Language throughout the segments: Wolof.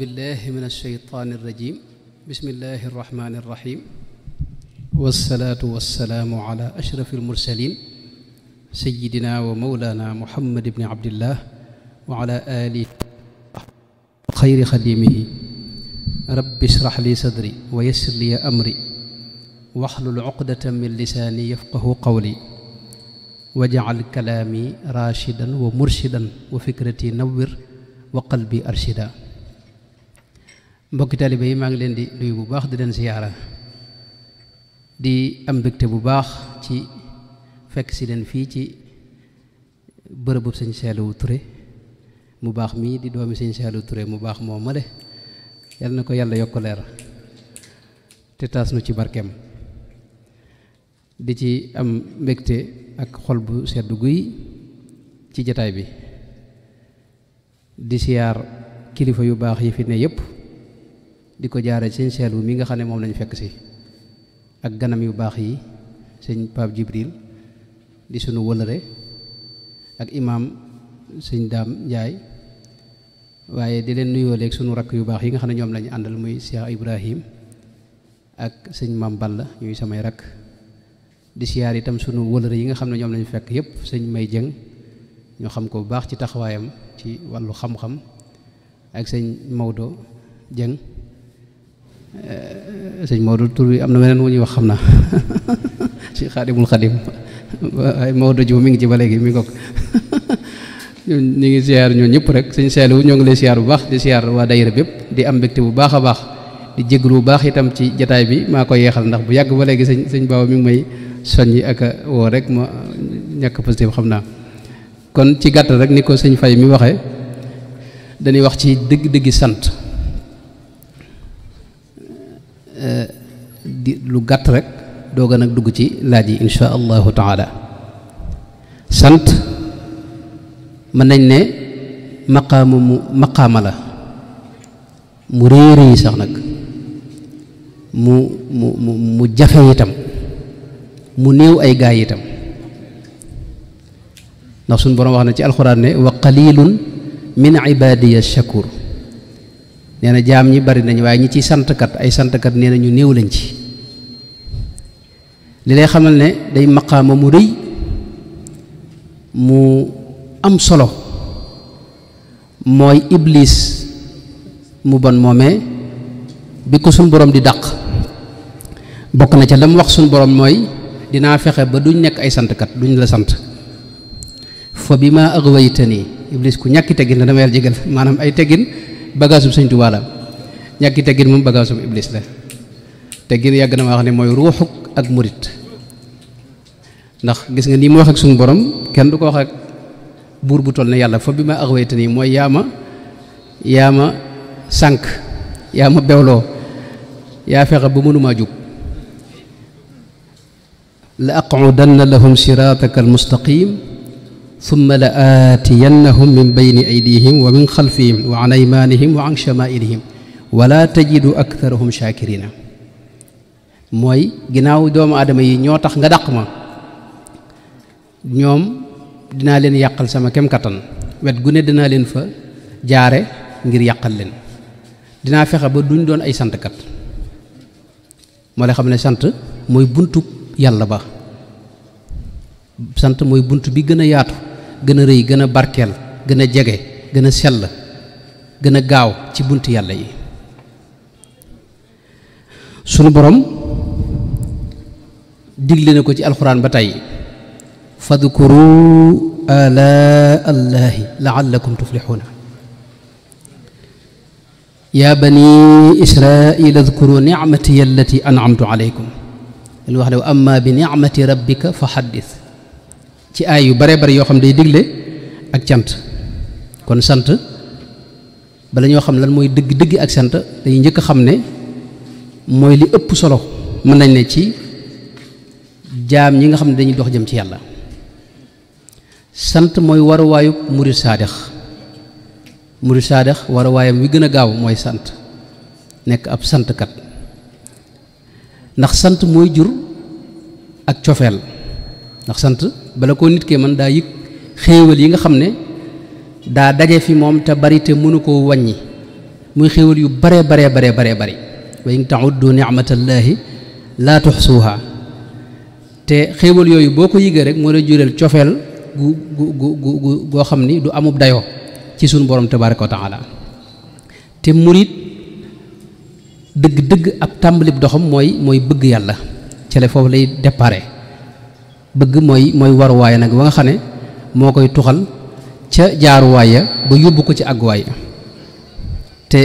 billahi min alsheytaani irrajim bismillahi irrahmani irrahim walsalaatu walsalaamu ala ashrafi almursalin sayidina wa mawlana muhammad ibni abdillah wa ala alihi xayri xadimihi rabbi israx li sadri wa yassir li amri waxlul uqdatan min lisaani yafqahu qawli wajcal kalaami raashidan wa murshidan wa fikrati nawwir wa qalbi arshida mbokki taalibe yi maa ngi leen di nuyu bu baax di leen siyaara di am mbégte bu baax ci fekk si leen fii ci bërëbu sëñ Saliou Touré mu baax mii di doomi sëñ Saliou ture mu baax moo male yal na ko yàlla yokk leer te taas nu ci barkeem di ci am mbégte ak xol bu sedd guy ci jataay bi di siyaar kilifa yu baax yi fi ne yépp di ko jaare sëñ Saliou mi nga xam ne moom lañu fekk si ak ganam yu baax yi sëñ Pape Jibril di sunu wëlëre ak imaam sëñ Daam Njaay waaye di leen nuyoo léegi sunu rakk yu baax yi nga xam ne ñoom lañu àndal muy Cheikh Ibrahim ak sëñ Maam Balla ñuy samay rakk di siyaar itam sunu wëlëre yi nga xam ne ñoom lañu fekk yépp sëñ May Jëng ñu xam ko bu baax ci taxawaayam ci wàllu xam-xam ak sëñ Maodo Jëng Eh, sëñ Maodo tur bi am na weneen wu ñuy wax xam na si xaadimul xadim waaye Maodo ji mi ngi ci ba léegi mi ngi ko ñu ngi siyaar ñoo ñëpp rek sëñ Saliou ñoo ngi lay siyaar bu baax di siyaar waa daayira bépp di am mbégte bu baax a baax di jéglu bu baax itam ci jataay bi maa ko yeexal ndax bu yàgg ba léegi sañ sëñ Baba mi ngi may soññi ak woo rek ma ñàkk positif xam naa kon ci gàtt rek ni ko sëñ Faye mi waxee dañuy wax ci dëgg-dëggi sant di lu gàtt rek dooga nag dugg ci laaj yi insha allahu taala sant mën nañ ne maqaamu mu maqaama la mu réer yi sax nag mu mu mu mu jafe itam mu néew ay gaay itam ndax suñu borom wax na ci alxuraan ne wa qalilun min ibadiya shakur nee na jaam ñi bari nañu waaye ñi ciy santkat ay santkat nee na ñu néew lañ ci li lay xamal ne day maqaama mu rëy mu am solo mooy iblis mu bon moomee bi ko suñ borom di daq bokk na ca lam wax suñ borom mooy dinaa fexe ba duñ nekk ay santkat duñ la sant fa bi ma aghwaytani iblis ku ñàkki teggin la dama yàlla jégal maanaam ay teggin bagage bu sëñ Tuubaa la ñàkki teggin moom bagage bu iblis la teggin yàgg na ma wax ne mooy ruuxuk ak murit ndax gis nga nii mu wax suñu borom kenn du ko wax buur bu toll na yàlla fa bi ma axwayta nii mooy yaa ma yaa ma yaa bewloo yaa fexe ba mënumaa jug la aqudanna lahum siraataka almustaqim summa la aatiyannahum min bayni aydihim wa min xalfihim wa an aymaanihim wa an chamailihim wala tajidu aktarahum shaakirina mooy ginnaaw doomu aadama yi ñoo tax nga dàq ma ñoom dinaa leen yàqal sama kem kattan wet gu ne dinaa leen fa jaare ngir yàqal leen dinaa fexe ba duñ doon ay santkat moo xam ne sant mooy buntu yàlla ba sant mooy bunt bi gën a yaatu gën a rëy gën a barkeel gën a jege gën a sell gën a gaaw ci bunt yàlla yi sunu borom digle na ko ci alxuraan ba tey fadkuru ala allahi laallakum tuflixuuna yaa bani israila adkuru nicmati allati anamtu aleykum lu wax ne wa amma bi nicmati rabbika fa xaddis ci aay yu bare bari yoo xam day digle ak cant kon sant bala ñoo xam lan mooy dëgg dëgg ak sant dañuy njëkk a xam ne mooy li ëpp solo mën nañ ne ci jaam ñi nga xam ne dañuy dox jëm ci yàlla sant mooy waruwaayu murid saadix murid saadix waruwaayam wi gën a gaaw mooy sant nekk ab santkat ndax sant mooy jur ak cofeel ndax sant bala koo nit kee man daa yëg xéewal yi nga xam ne daa daje fi moom te bari te mënu koo waññi muy xéewal yu bare bare bare bare bari wa in tauddu nicmatallahi laa tuxsuuha te xéewal yooyu boo ko yëgee rek moo la jural cofeel gu gu gu goo xam ni du amub dayoo ci suñu borom tabaraka wa taala te murit dëgg dëgg ab tàmbalib doxam mooy mooy bëgg yàlla ci la foofu lay déparé bëgg mooy mooy waruwaay nag ba nga xam ne moo koy tuxal ca jaaruwaay ya ba yóbbu ko ci àgguwaay te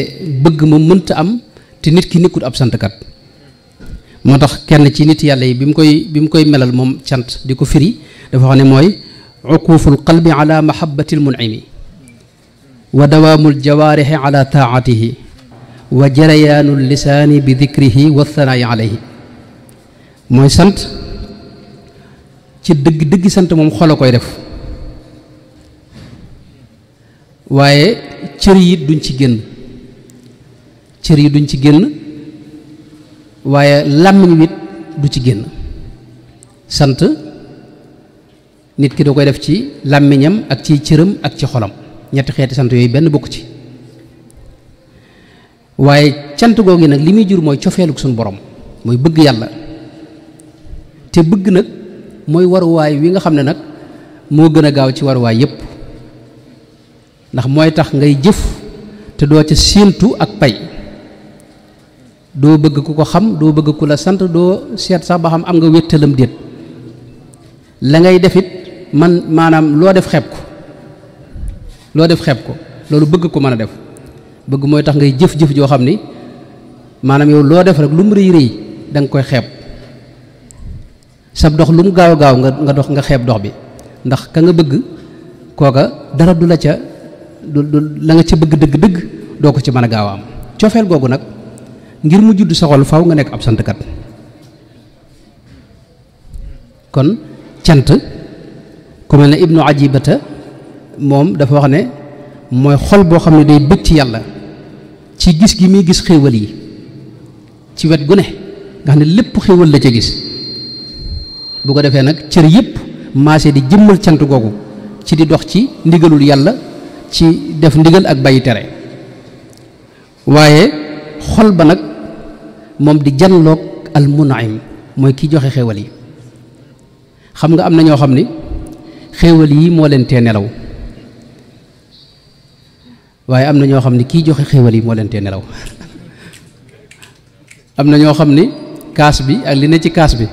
bëgg ma mënta am te nit ki nekkul ab santkat moo tax kenn ci nit yàlla yi bi mu koy bi koy melal moom cant di ko firi dafa xam ne mooy uquuful qalbi ala mahabbatil munimi wa dawaamul jawaarixi ala taatihi wa jarayaanul lisaani bi dikrihi wa thanaayi alayhi mooy sant ci dëgg dëgg sant moom xol a koy def waaye cër yi duñ ci génn cër yi duñ ci génn waaye làmmiñ wit du ci génn sant nit ki da koy def ci làmmiñam ak ci cëram ak ci xolam ñetti xeeti sant yooyu benn bokk ci waaye cant googu nag li muy jur mooy cofeeluk suñu borom mooy bëgg yàlla te bëgg nag mooy waruwaay wi nga xam ne nag moo gën a gaaw ci waruwaay yépp ndax mooy tax ngay jëf te doo ca séentu ak pay doo bëgg ku ko xam doo bëgg ku la sant doo seet sax ba xam am nga wéttalam déet la ngay defit man maanaam loo def xeeb ko loo def xeeb ko loolu bëgg ko mën a def bëgg mooy tax ngay jëf-jëf joo xam ni maanaam yow loo def rek lu mu rëy rëy danga koy xeeb sab dox lu mu gaaw gaaw nga nga dox nga xeeb dox bi ndax ka nga bëgg kooka dara du la ca du la nga ca bëgg dëgg-dëgg doo ko ci mën a gaaw am cofeel googu nag ngir mu judd sa xol faw nga nekk ab sant santkat kon cant ku mel ne ibnu ajibata moom dafa wax ne mooy xol boo xam ne day bëgg ci yàlla ci gis gi muy gis xéewal yi ci wet gu ne nga xam ne lépp xéewal la ca gis bu ko defee nag cër yépp maase di jëmmal cant googu ci di dox ci ndigalul yàlla ci def ndigal ak bàyyi tere waaye xol ba nag moom di janloog al mooy kiy joxe xéewal yi xam nga am na ñoo xam ni xéewal yi moo leen tee nelaw waaye am na ñoo xam ni kii joxe xéewal yi moo leen nelaw am na ñoo xam ni kaas bi ak li ne ci kaas bi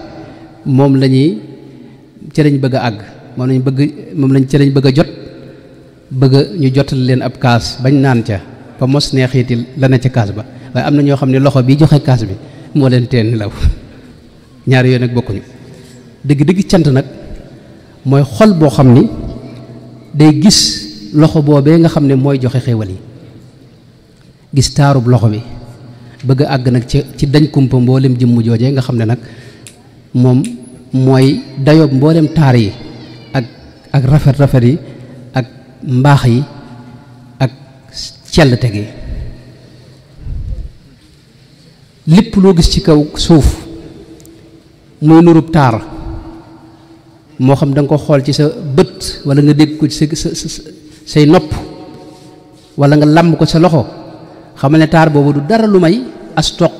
moom lañuy ñuy ci lañ bëgg àgg moom lañ bëgg moom lañ ci lañ bëgg a jot bëgg ñu jotal leen ab kaas bañ naan ca ba mos neexiiti la ne ca kaas ba waaye am na ñoo xam ne loxo bi joxe kaas bi moo leen teen law ñaari yooyu nag bokkuñu dëgg dëgg cant nag mooy xol boo xam ne day gis loxo boobee nga xam ne mooy joxe xéewal yi gis taarub loxo bi bëgg àgg nag ci ci dañ kumpa mboolem jëmm jooje nga xam ne nag moom mooy dayoob mboolem taar yi ak ak rafet rafet yi ak mbaax yi ak cell teg yi loo gis ci kaw suuf muy nurub taar moo xam da nga ko xool ci sa bët walla nga dégg ko ci sa sa say nopp walla nga làmb ko sa loxo xamal ne taar boobu du dara lu may as toq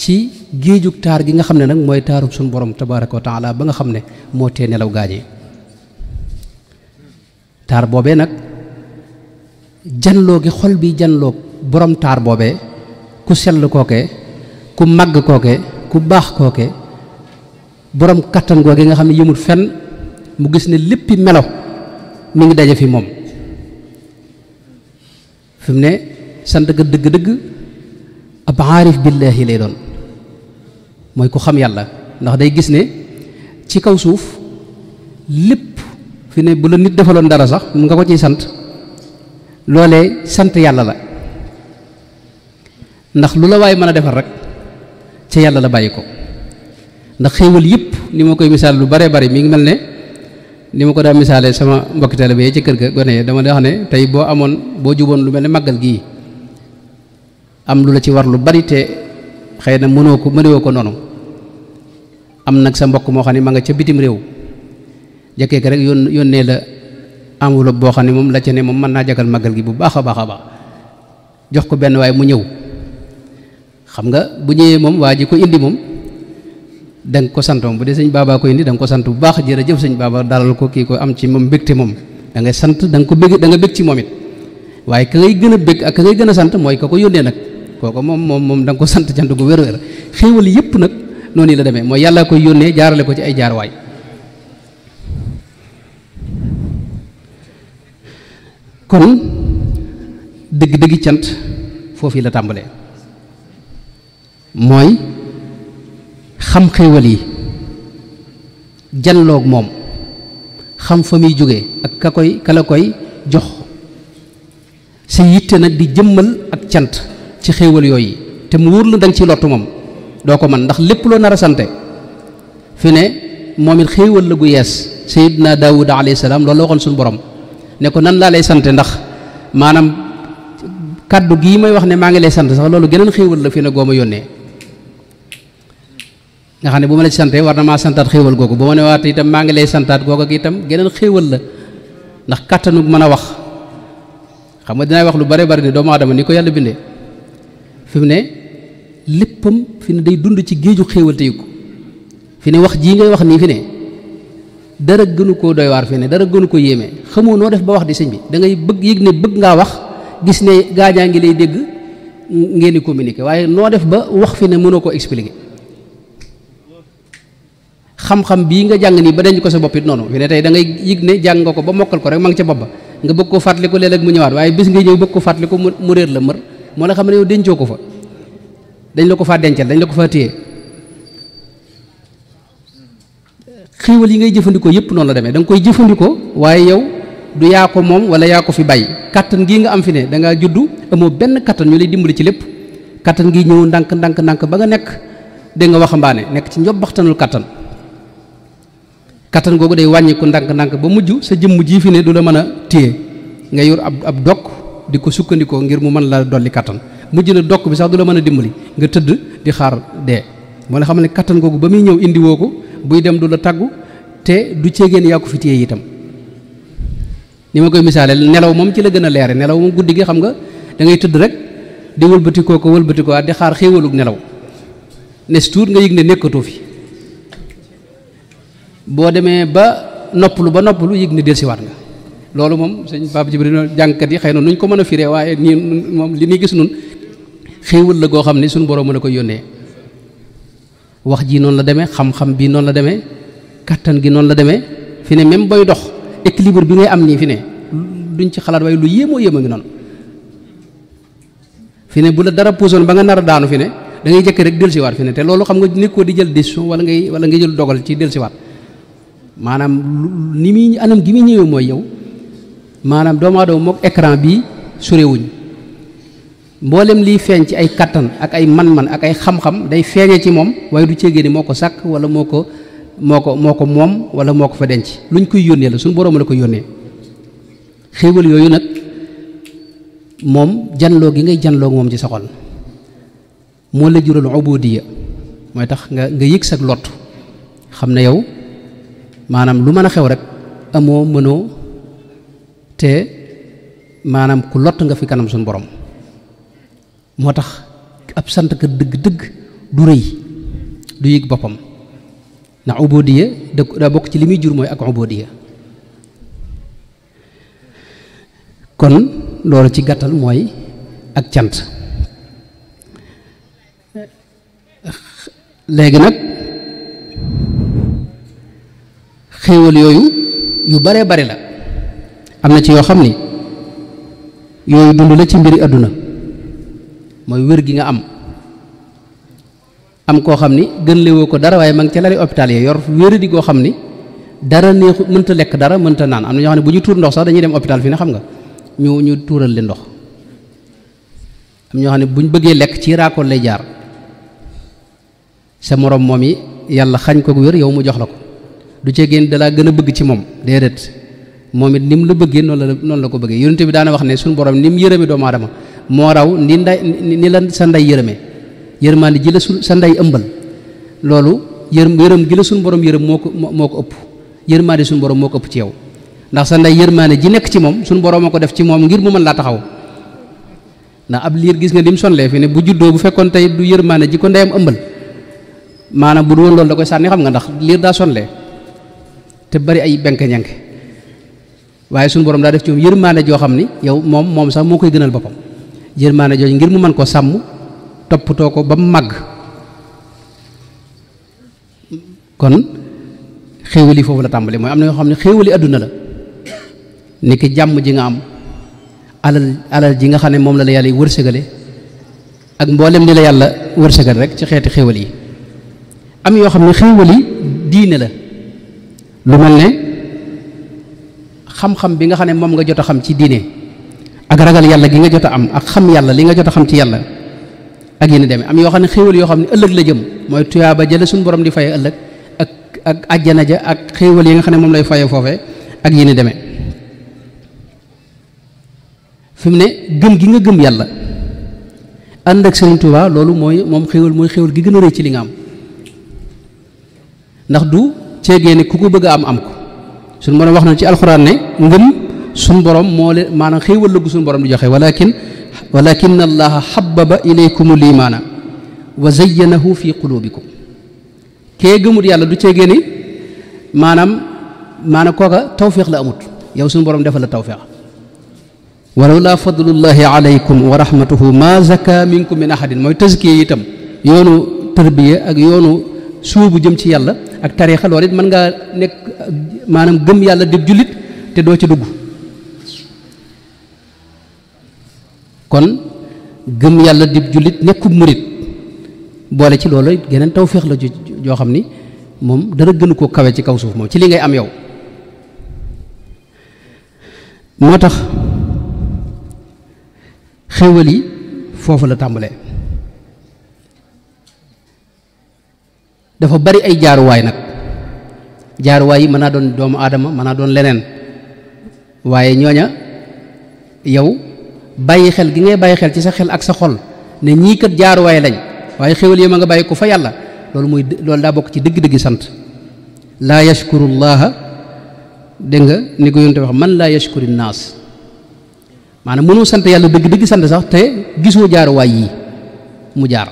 ci géejug taar gi nga xam ne nag mooy taaru suñu borom tabaraka wa ba nga xam ne moo tee nelaw gaañee taar boobee nag janloo gi xol bi janloog borom taar boobee ku sell kooke ku màgg kooke ku baax kooke borom kattan googe nga xam ne yëmut fenn mu gis ne léppi melo mu ngi daje fi moom fi ne sant ga dëgg-dëgg ab aarif billaahi lay doon mooy ku xam yàlla ndax day gis ne ci kaw suuf lépp fi ne bu la nit defaloon dara sax mu nga ko ciy sant loolee sant yàlla la ndax lu la waay mën a defar rek ca yàlla la bàyyi ko ndax xéewal yépp ni ma koy misaal lu bare bari mi ngi mel ne ni ma ko daa misaalee sama mbokki taalibe yi ci kër ga gone yi dama wax ne tey boo amoon boo juboon lu mel ne màggal gii am lu la ci war lu bari te xay na mënoo ko mënewoo ko noonu am nag sa mbokk moo xam ne ma nga ca bitim réew jëkkee ko rek yón yónnee la enveloppe boo xam ne moom la ca ne moom mën naa jagal màggal gi bu baax a baax a baax jox ko benn waaye mu ñëw xam nga bu ñëwee moom waa ji ko indi moom da nga ko sant moom bu dee sëñ baabaa ko indi da ko sant bu baax jërëjëf sëñ baaba dalal ko kii ko am ci moom mbégte moom da sant danga ko bég da nga bég ci moom it waaye ka ngay gën a bég ak ka ngay gën a sant mooy ka ko yónnee kooko moom moom moom da ko sant cant gu wér-wér xéewal yépp nag noonu la demee mooy yàlla koy yónnee jaarale ko ci ay jaarwaay kon dëgg-dëggi cant foofu la tàmbalee mooy xam xéewal yi janloog moom xam fa muy jógee ak ka koy ka la koy jox sa yitte nag di jëmmal ak cant ci xéewal yooyu te mu wóor la da ci ciy moom doo ko man ndax lépp loo nar a sante fi ne moom it xéewal la gu yees sayidna daawuda alayhi salaam loolu la waxoon suñu borom ne ko nan laa lay sante ndax maanaam kaddu gii may wax ne maa ngi lay sant sax loolu geneen xéewal la fi ne gooma yónnee nga xam ne bu ma la ci war na maa santaat xéewal googu bu ma ne waat itam maa ngi lay santaat googu ak itam geneen xéewal la ndax kàttanu mën a wax xam nga dinaay wax lu bare bari ne doomu aadama ni ko yàlla bindee fi ne léppam fi ne day dund ci géeju xéewal te ko fi ne wax jii ngay wax nii fi ne dara gënu koo doy waar fi ne dara gënu ko yéeme xamoo noo def ba wax di sëñ bi da ngay bëgg yëg ne bëgg ngaa wax gis ne gaajaa ngi lay dégg ngeen di communiquer waaye noo def ba wax fi ne mënoo koo jàng ko sa bopp nga ko ba mokkal ko rek ma ngi ca bopp ba nga bëgg ko fàttaliku léeg-léeg mu ñëwaat waaye bis nga ñëw bëgg ko fàttaliku mu réer la mër moo la xam ne yow dencoo ko fa dañ la ko faa dencal dañ la ko faa téye xiiwal yi ngay jëfandikoo yëpp noonu la demee da nga koy jëfandikoo waaye yow du yaa ko moom wala yaa ko fi bàyyi kattan gii nga am fi ne da ngaa juddu amoo benn kattan ñu lay dimbali ci lépp kattan gi ñëw ndànk ndànk ndànk ba nga nekk da waxambaane nekk ci njobbaxtanul kattan kattan googu day wàññiku ndànk ndànk ba mujj sa jëmm jii fi ne du la mën a téye nga yor ab ab dog di ko sukkandikoo ngir mu mën laa dolli kattan mujj na dokk bi sax du la mën a dimbali nga tëdd di xaar dee moo la xam ne kattan googu ba muy ñëw indiwoo ko buy dem du la taggu te du ceegeen yaa fi téye itam ni ma koy misaale nelaw moom ci la gën a leere nelaw moom guddi gi xam nga dangay tëdd rek di wëlbatikoo ko wëlbatikoo at di xaar xéewalug nelaw nes tuut nga yëg ne nekkatoo fi boo demee ba noppalu ba nopp lu yëg ne delsiwaat nga loolu moom sëñ Pape Djibril jàngkat yi xëy na nuñ ko mën a fire waaye nii moom li ñuy gis nun xéewal la goo xam ne suñu borom mën a koy yónnee wax ji noonu la demee xam-xam bi noonu la demee kattan gi noonu la demee fi ne même booy dox équilibre bi ngay am nii fi ne duñ ci xalaat waaye lu yéemoo yéem a ngi noonu fi ne bu la dara puusoon ba nga nara daanu fi ne da ngay jëkk rek dellusiwaat fi ne te loolu xam nga nekkoo di jël décision wala ngay wala ngay jël dogal ci dellusiwaat maanaam ni muy anam gi muy ñëwee mooy yow. maanaam doomu aadama mook écran bii surewuñ mboolem liy feeñ ci ay kattan ak ay man-man ak ay xam-xam day feeñee ci moom waaye du céegée ni moo ko sàkk wala moo ko moo ko moo ko moom wala moo ko fa denc lu luñ koy yónnee la suñu boroom la ko yónnee xéewal yooyu nag moom janloo gi ngay janloo moom ci sa xol moo la jural ubudiya mooy tax nga nga yëg sag lot xam ne yow maanaam lu mën a xew rek amoo mënoo te maanaam ku lott nga fi kanam suñu borom moo tax ab sant kër dëgg-dëgg du rëy du yëg boppam ndax ubodiya da daa bokk ci li muy jur mooy ak ubodiya kon loolu ci gàttal mooy ak cant léegi nag xéewal yooyu yu bare bare la am na ci yoo xam ni yooyu dund la ci mbiri àdduna mooy wér gi nga am am koo xam ni gën léwoo ko dara waaye ma ngi ca lali hôpital yi yor wér di koo xam ni dara neexu mënta lekk dara mënta naan am na ñoo xam ne bu ñu tuur ndox sax dañuy dem hôpital fii ne xam nga ñu ñu tuural leen ndox am ñoo xam ne bu ñu bëggee lekk ci raakool lay jaar sa moroom moom yi yàlla xañ ko wér yow mu jox la ko du cee génn dalaa gën a bëgg ci moom déedéet moom it ni mu la bëggee noonu la noonu la ko bëggee yonent bi daana wax ne suñu borom ni mu yërëme doomu aadama moo raw ni nday ni la sa nday yërëme yërmaande ji la su sa nday ëmbal loolu yërm yërëm gi suñu borom yërëm moo ko moo ko ëpp yërmaande suñu borom moo ko ëpp ci yow ndax sa nday yërmaande ji nekk ci moom suñu borom a ko def ci moom ngir mu mën laa taxaw ndax ab liir gis nga ni mu sonlee fi ne bu juddoo bu fekkoon tey du yërmaande ji ko ndeyam ëmbal maanaam bu du loolu da koy sànni xam nga ndax liir daa sonlee te bari ay benk waaye suñu borom daa def ci moom yërmaane joo xam ni yow moom moom sax moo koy gënal boppam yërmaane jooju ngir mu man ko sàmm toppatoo ko ba mu màgg kon xéewali foofu la tàmbali mooy am na yoo xam ne xéewali àdduna la ni ki jàmm ji nga am alal alal ji nga xam ne moom la la yàlla wërsëgale ak mboolem li la yàlla wërsëgal rek ci xeeti xéewal yi am yoo xam ne xéewali diine la lu mel ne xam-xam bi nga xam ne moom nga jot a xam ci diine ak ragal yàlla gi nga jot a am ak xam yàlla li nga jot a xam ci yàlla ak yéen deme am yoo xam ne xéewal yoo xam ne ëllëg la jëm mooy tuyaaba jële suñu borom di faye ëllëg ak ak àjjana ja ak xéewal yi nga xam ne moom lay faye foofee ak yéen deme fi ne gën gi nga gëm yàlla ànd ak Sëriñ Tuubaa loolu mooy moom xéewal mooy xéewal gi gën a rëy ci li nga am ndax du ceegee ne ku ko bëgg am am ko suñu borom wax na ci alxuraan ne ngëm suñu borom moo leen maanaam xéewal lëggu suñu borom di joxe walakin walakin allaha xababa ilaykum limaana wa zayyanahu fi qulubikum kee gëmut yàlla du cee génne maanaam maanaam kooka tawfiq la amut yow suñu borom defal la tawfiq walaw laa fadlullahi wa rahmatuhu ma zaka minkum min ahadin mooy tazkiye itam yoonu tërbiye ak yoonu suubu jëm ci yàlla ak tariixa loolu it mën ngaa nekk maanaam gëm yàlla dib jullit te doo ci dugg kon gëm yàlla dib jullit nekkub murit boole ci loolu geneen tawféex la joo xam ni moom dara gënu koo kawe ci kaw suuf moom ci li ngay am yow moo tax xéewal yi foofu la tàmbalee dafa bari ay jaaruwaay nag jaaruwaay yi mën naa doon doomu aadama mën naa doon leneen waaye ñooña yow bàyyi xel gi ngay bàyyi xel ci sa xel ak sa xol ne ñii kat jaaruwaay lañ waaye xéwal yi ma nga bàyyi ko fa yàlla loolu muy loolu daa bokk ci dëgg-dëggi sant laa yashkuru llaaha dégg nga ni ko yonte wax man laa yashkuri naas maanaam mënoo sant yàlla dëgg-dëgg sant sax te gisoo jaaruwaay yi mu jaar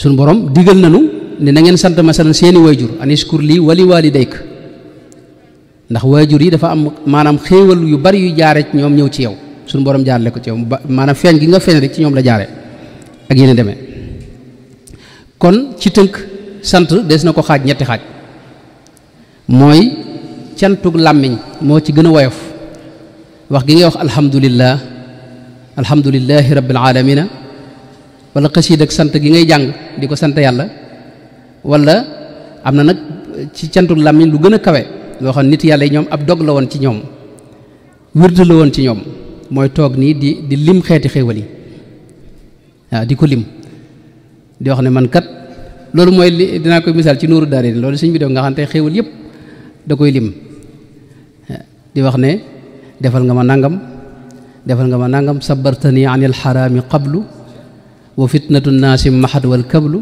suñu borom digal nanu ne na ngeen sant masalan seeni waajur an iskur lii wali waalidayk ndax waajur yi dafa am maanaam xéewal yu bari yu jaare ñoom ñëw ci yow suñu borom jaarale ko ci yow maanaam feeñ gi nga feeñ rek ci ñoom la jaare ak yéen a demee kon ci tënk sant des na ko xaaj ñetti xaaj mooy cantug làmmiñ moo ci gën a woyof wax gi ngay wax alhamdulillah alhamdulillahi rabbil alamina wala xasiid ak sant gi ngay jàng di ko sant yàlla wala am na nag ci cantu làmmiñ lu gën a kawe loo xam nit yàlla yi ñoom ab dog la woon ci ñoom wirdu woon ci ñoom mooy toog nii di di lim xeeti xéewal yi waaw di ko lim di wax ne man loolu mooy li dinaa koy misaal ci nuuru daare loolu suñ bi def nga xam te xéewal yëpp da koy lim di wax ne defal nga ma nangam defal nga ma nangam sabartani an il xaraami qablu wa fitnatu naasi mahad wal kablu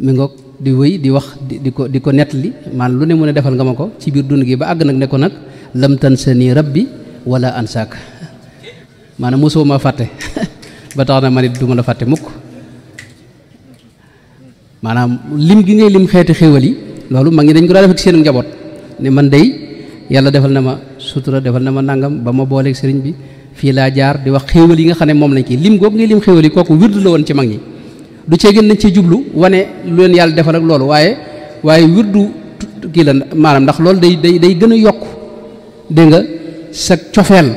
mi ngoog di wéy di wax di ko di ko nettali maanaam lu ne mu ne defal nga ma ko ci biir dund gi ba àgg nag ne ko nag lam tansani rabbi wala ansaak maanaam mosoo ma fàtte ba tax na man it la fàtte mukk maanaam lim gi ngay lim xeeti xéewal yi loolu mag ñi dañ ko daa def ak seen njaboot ne man day yàlla defal na ma sutura defal na ma nangam ba ma booleeg sëriñ bi fii laa jaar di wax xéewal yi nga xam ne moom lañ kii lim googu ngay lim xéewal yi kooku wirdu la ci mag ñi du cee gën nañ cee jublu wane lu leen yàlla defal ak loolu waaye waaye du kii la maanaam ndax loolu day day day gën a yokk dégg nga sa cofeel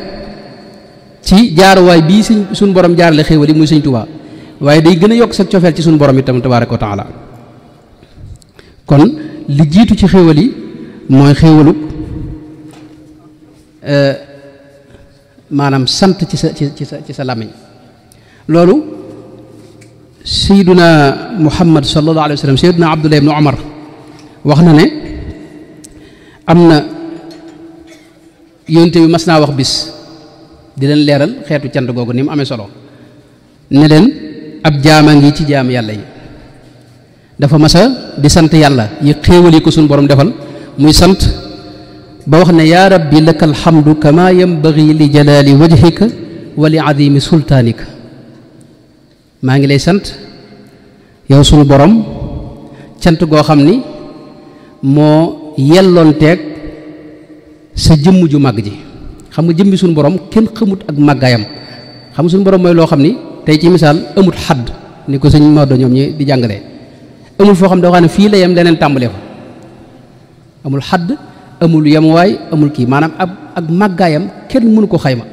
ci jaaruwaay bii suñ suñ borom jaarale xéewal yi muy sëñ Tuubaa waaye day gën a yokk sa cofeel ci suñ borom itam tabaaraka wa taala kon li jiitu ci xéewal yi mooy xéewalu euh, maanaam sant ci sa ci sa ci sa làmmiñ loolu sayduna muhammad sallallahu alayhi wa sallam sayduna abdullah ibn omar wax na ne am na yonte bi mas naa wax bis di leen leeral xeetu cant googu ni mu amee solo ne leen ab jaama ngi ci jaam yàlla yi dafa masa di sant yàlla yi xéewal yi ko suñu borom defal muy sant ba wax ne yaa rabbi laka alhamdu kama yanbaghi li jalaali wajhika wa li azimi sultaanika maa ngi lay sant yow suñu borom cant goo xam ni moo yelloon teeg sa jëmm ju màgg ji xam nga bi suñu borom kenn xëmut ak màggaayam xam nga sunu borom mooy loo xam ni tey ci misaal amut xadd ni ko sëñ Maodo ñoom ñi di jàngale amul foo xam ne xam ne fii la yem leneen tàmbalee fa amul xadd amul waaye amul kii maanaam ab ak màggaayam kenn mënu ko xayma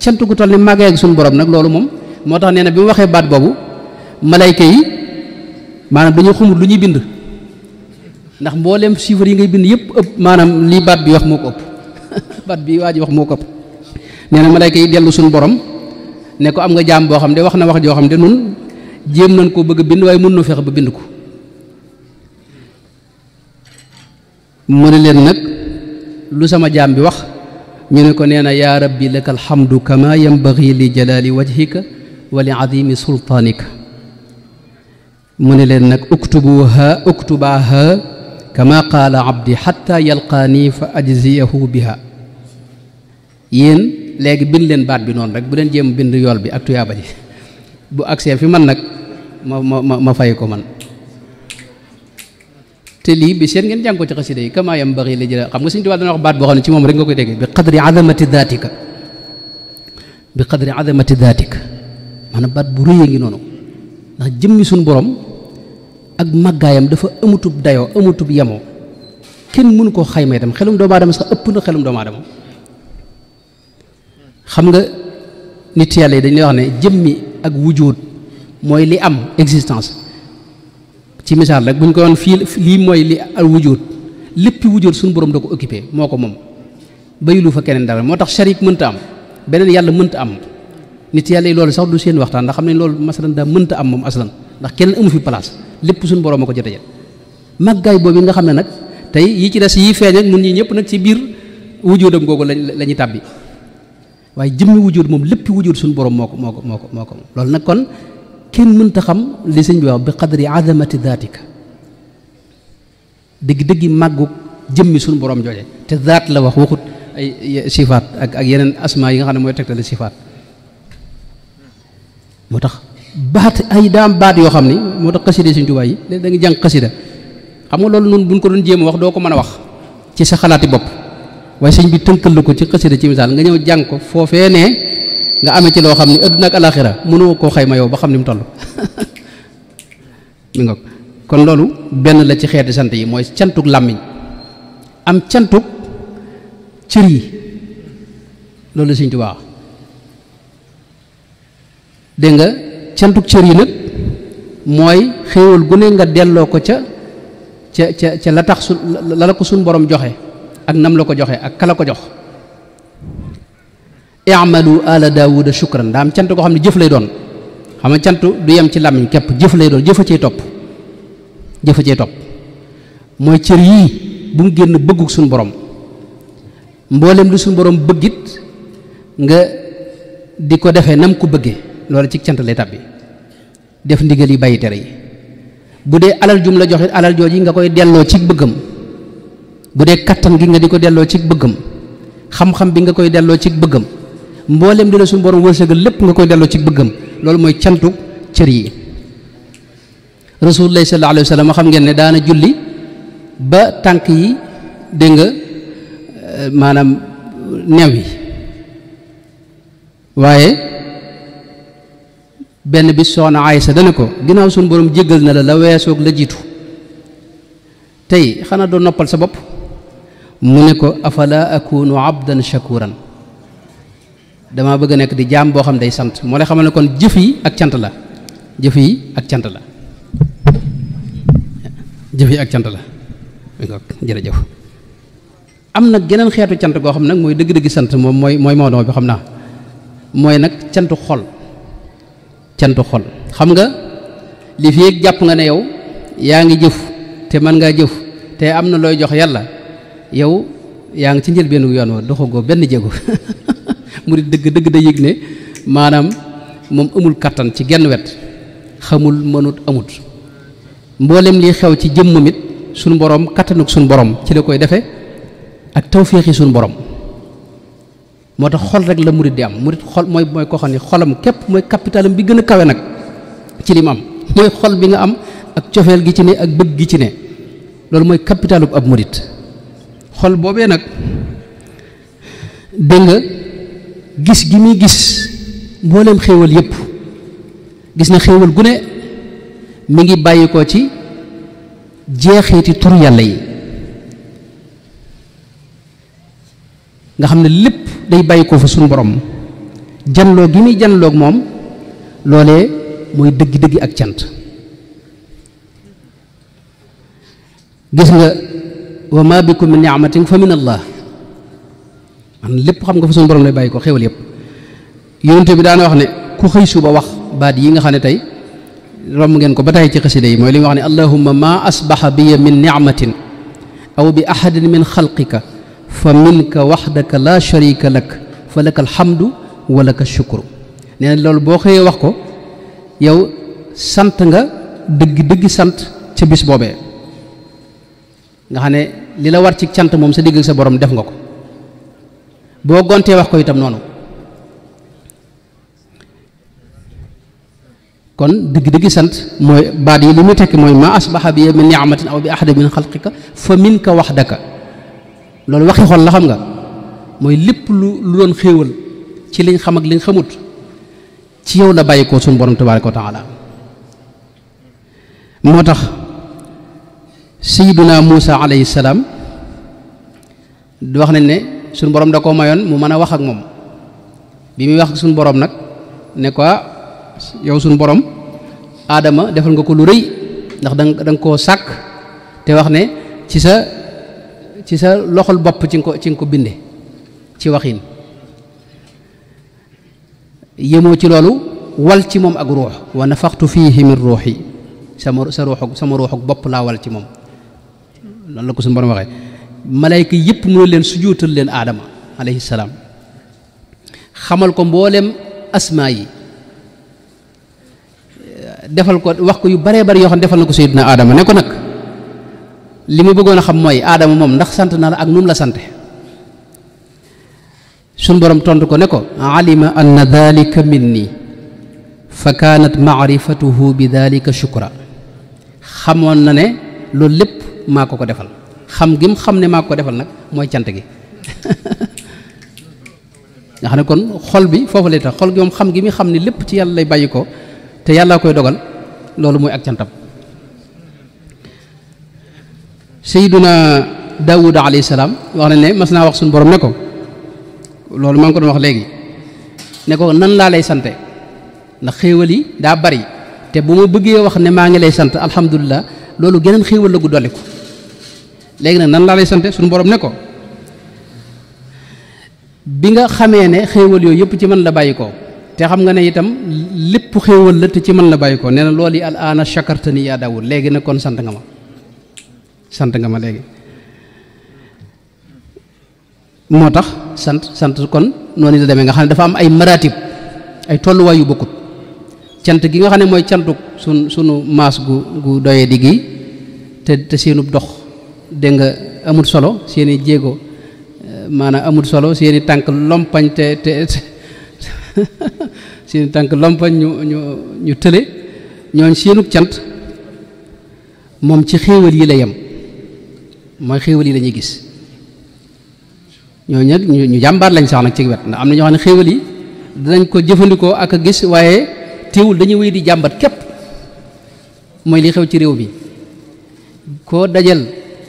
cant gu toll ni màggaay ak sunu borom nag loolu moom. moo tax nee na bi mu waxee baat boobu malayka yi maanaam dañoo xamul lu ñuy bind ndax mbooleem chiffres yi ngay bind yëpp ëpp maanaam lii baat bi wax moo ko ëpp baat bi waa ji wax moo ko ëpp nee malayka yi dellu suñu borom ne ko am nga jaam boo xam de wax na wax joo xam de nun jéem nañ koo bëgg a bind waaye mën na fexe ba bind ko mu ne leen nag lu sama jaam bi wax ñu ne ko nee na yaa rabbi laka alhamdu kama yanbaghi li jalali wajhika wa li azimi mu ne leen nag uktubuha uktubaha kama qaala abdi xatta yalqaani fa ajziyahu biha yéen léegi bind leen baat bi noonu rek bu leen jéem bind yool bi ak tuyaaba ji bu agsee fi man nag ma ma ma fay ko man te lii bi seen ngeen jàng ko ci xasida yi kama yambari li jëla xam nga suñu tubaab wax baat boo xam ne ci moom rek nga koy déggee bi qadri azamati daatika bi qadri maanaam baat bu rëyee ngi noonu jëmmi suñu borom ak màggaayam dafa amutub dayoo amutub yemoo kenn mënu koo xayma itam xelum doomu aadama sax ëpp na xelum doomu aadama xam nga nit yàlla yi dañ wax ne jëmmi ak wujud mooy li am existence ci misaal rek bu ñu ko woon fii lii mooy li al wujud lépp wujud suñu borom da ko occupé moo ko moom bayilu fa keneen dara moo tax sharik mënta am beneen yàlla mënta am nit yàlla yi loolu sax du seen waxtaan ndax xam nañ loolu masalan daa mënta am moom aslan ndax kenn amu fi place lépp suñu borom a ko jotee màggaay boobu nga xam ne nag tey yi ci des yi feeñ ak ñun ñi ñëpp nag ci biir wujudam googu lañ la ñuy tàbbi waaye jëmmi wujud moom lépp wujud suñu borom moo ko moo ko moo ko moo ko loolu nag kon kenn mënta xam li sëñ bi wax bi qadri azamati daatika dëgg-dëggi màggu jëmmi suñu borom jooje te daat la wax waxut ay sifaat ak ak yeneen asma yi nga xam ne mooy tegtale sifaat moo tax baat ay daam baat yoo xam ni moo tax xasida Sëriñ Tuubaa yi léegi da nga jàng xasida xam nga loolu noonu buñ ko doon jéema wax doo ko mën a wax ci sa xalaati bopp waaye sëñ bi tënkal la ko ci xasida ci misaal nga ñëw jàng ko foofee ne nga amee ci loo xam ne adduna ak alaxira mënoo koo xayma yow ba xam ni mu toll mi nga kon loolu benn la ci xeeti sant yi mooy cantug làmmiñ am cantug cër yi loolu la Sëriñ dégg nga cantuk cër yi nag mooy xéewal gu ne nga delloo ko ca ca ca ca la tax su la la ko suñ borom joxe ak nam la ko joxe ak kala ko jox i'malu ala daawuda shukran daa am cant koo xam ne jëf lay doon xam nga cant du yem ci làmmiñ képp jëf lay doon jëfa cee topp jëfa cee topp mooy cër yii bu mu génn bëgguk suñ boroom mboolem li suñ borom bëggit nga di ko defee nam ko bëgge loolu ci cant lay tàbbi def ndigal yi bàyyi tere yi bu dee alal jum la joxe alal jooji nga koy delloo ci bëggam bu dee kattan gi nga di ko delloo ci bëggam xam-xam bi nga koy delloo ci bëggam mboolem di la suñu borom wërsëgal lépp nga koy delloo ci bëggam loolu mooy cantu cër yi rasulullah sallallahu alayhi wa sallam xam ngeen ne daana julli ba tànk yi dégg nga maanaam new yi waaye benn bi soxna Aysa dana ko ginnaaw suñu boroom jéggal na la la weesoog la jiitu tey xanaa doo noppal sa bopp mu ne ko afala akunu abdan shakuran dama bëgg a nekk di jaam boo xam ne day sant moo lay ne kon jëf ak cant la jëf yi ak cant la jëf yi cant la jërëjëf am nag geneen xeetu cant goo xam nag mooy dëgg-dëgg sant moom mooy mooy moo bi xam naa mooy nag cantu xol cantu xol xam nga li fi jàpp nga ne yow yaa ngi jëf te mën ngaa jëf te am na looy jox yàlla yow yaa ngi ci njëlbeenu yoon wa doxagoo benn jéego murid dëgg dëgg da yëg ne maanaam moom amul kattan ci genn wet xamul mënut amut mboolem lii xew ci jëmmam it sunu borom kattanuk sunu borom ci la koy defe ak tawféexi sunu borom. moo tax xol rek la murit di am murit xol mooy mooy koo xam ni xolam képp mooy capitalam bi gën a kawe nag ci lim am mooy xol bi nga am ak cofeel gi ci ne ak bëgg gi ci ne loolu mooy capitalu ab murit xol boobee nag dégg nga gis gi muy gis mbooleem xéewal yépp gis na xéewal gu ne mi ngi bàyyi ko ci jeexiti tur yàlla yi nga xam ne lépp day bàyyi ko fa suñu borom janlook gi muy janloog moom loolee mooy dëgg-dëgg ak cant gis nga wa ma bikum min ni'matin fa min allah man lépp xam nga fa suñu borom lay bàyyi ko xéwal yépp yonente bi daana wax ne ku xëy suba wax baat yi nga xam ne tey romb ngeen ko ba tay ci xasida yi mooy li mu wax ne allahumma ma asbaxa bi min ni'matin aw bi ahadin min xalqika fa milka waxdaka laa sharika lak fa laka alhamdu wa laka shukru nee na loolu boo xëyee wax ko yow sant nga dëgg dëgg sant ca bis boobee nga xam ne li la war ci sant moom sa digg sa borom def nga ko boo gontee wax ko itam noonu kon dëgg-dëgg sant mooy baat yi li muy tekki mooy ma asbaxa bi min ni'matin aw bi ahada min xalqika fa minka waxdaka loolu waxi xol la xam nga mooy lépp lu lu doon xéewal ci liñ xam ak liñ xamut ci yow la bàyyi ko suñu borom tabaaraka wa taala moo tax sayyiduna Muusa alayhi salaam di wax nañ ne suñ borom da koo mayoon mu mën a wax ak moom bi muy wax ak suñu boroom nag ne ko yow suñu boroom aadama defal nga ko lu rëy ndax da nga koo sàkk te wax ne ci sa ci sa loxol bopp ci nga ko ci ko binde ci waxin yémoo ci loolu wal ci moom ak ruux wa nafaxtu fiihi min ruuxi sama sa ruuxu sama ruuxu bopp laa wal ci moom loolu la ko suñu borom waxee malayka yëpp mu leen sujjóotal leen aadama alayhi salaam xamal ko mboolem asmaa yi defal ko wax ko yu baree bari yoo xam ne defal na ko sayyidina aadama ne ko nag li mu bëggoon a xam mooy aadama moom ndax sant na la ak nu la sante suñ boroom tontu ko ne ko alima anna dalika minni fa kaanat maarifatuhu bi dalika shukra xamoon na ne loolu lépp maa ko ko defal xam gi mu xam ne maa ko ko defal nag mooy cant gi nga xam ne kon xol bi foofu lay tax xol gi moom xam gi mu xam ne lépp ci yàlla lay bàyyi ko te yàllaa koy dogal loolu mooy ak cantam sayyiduna Daawud alayhi salaam wax nañ ne mas naa wax suñu borom ne ko loolu maa ngi ko doon wax léegi ne ko nan laa lay sante ndax xéewal yi daa bari te bu ma bëggee wax ne maa ngi lay sant alhamdulilah loolu geneen xéewal la gu dolli ko léegi nag nan laa lay sante suñu borom ne ko bi nga xamee ne xéewal yooyu yëpp ci man la bàyyi ko te xam nga ne itam lépp xéewal la te ci man la bàyyi ko ne na loolu yi al aana shakartani yaa daawud léegi nag kon sant nga ma sant nga ma léegi moo tax sant sant kon noonu la demee nga xam ne dafa am ay maratib ay tolluwaayu yu bokkut cant gi nga xam ne mooy cantuk sun sunu maas gu gu doyee di gi te te seenub dox dégg nga amul solo seeni jéego euh, maanaam amul solo seeni tànk lompañ te te seeni tànk lompañ ñu ñu ñu tële ñooñ seenug cant moom ci xéewal yi la yem mooy xéewal yi lañuy gis ñoo nag ñu jàmbaar lañ sax nag ci wet ndax am na ñoo xam ne xéewal yi danañ ko jëfandikoo ak a gis waaye teewul dañuy wéy di jàmbat képp mooy li xew ci réew mi koo dajal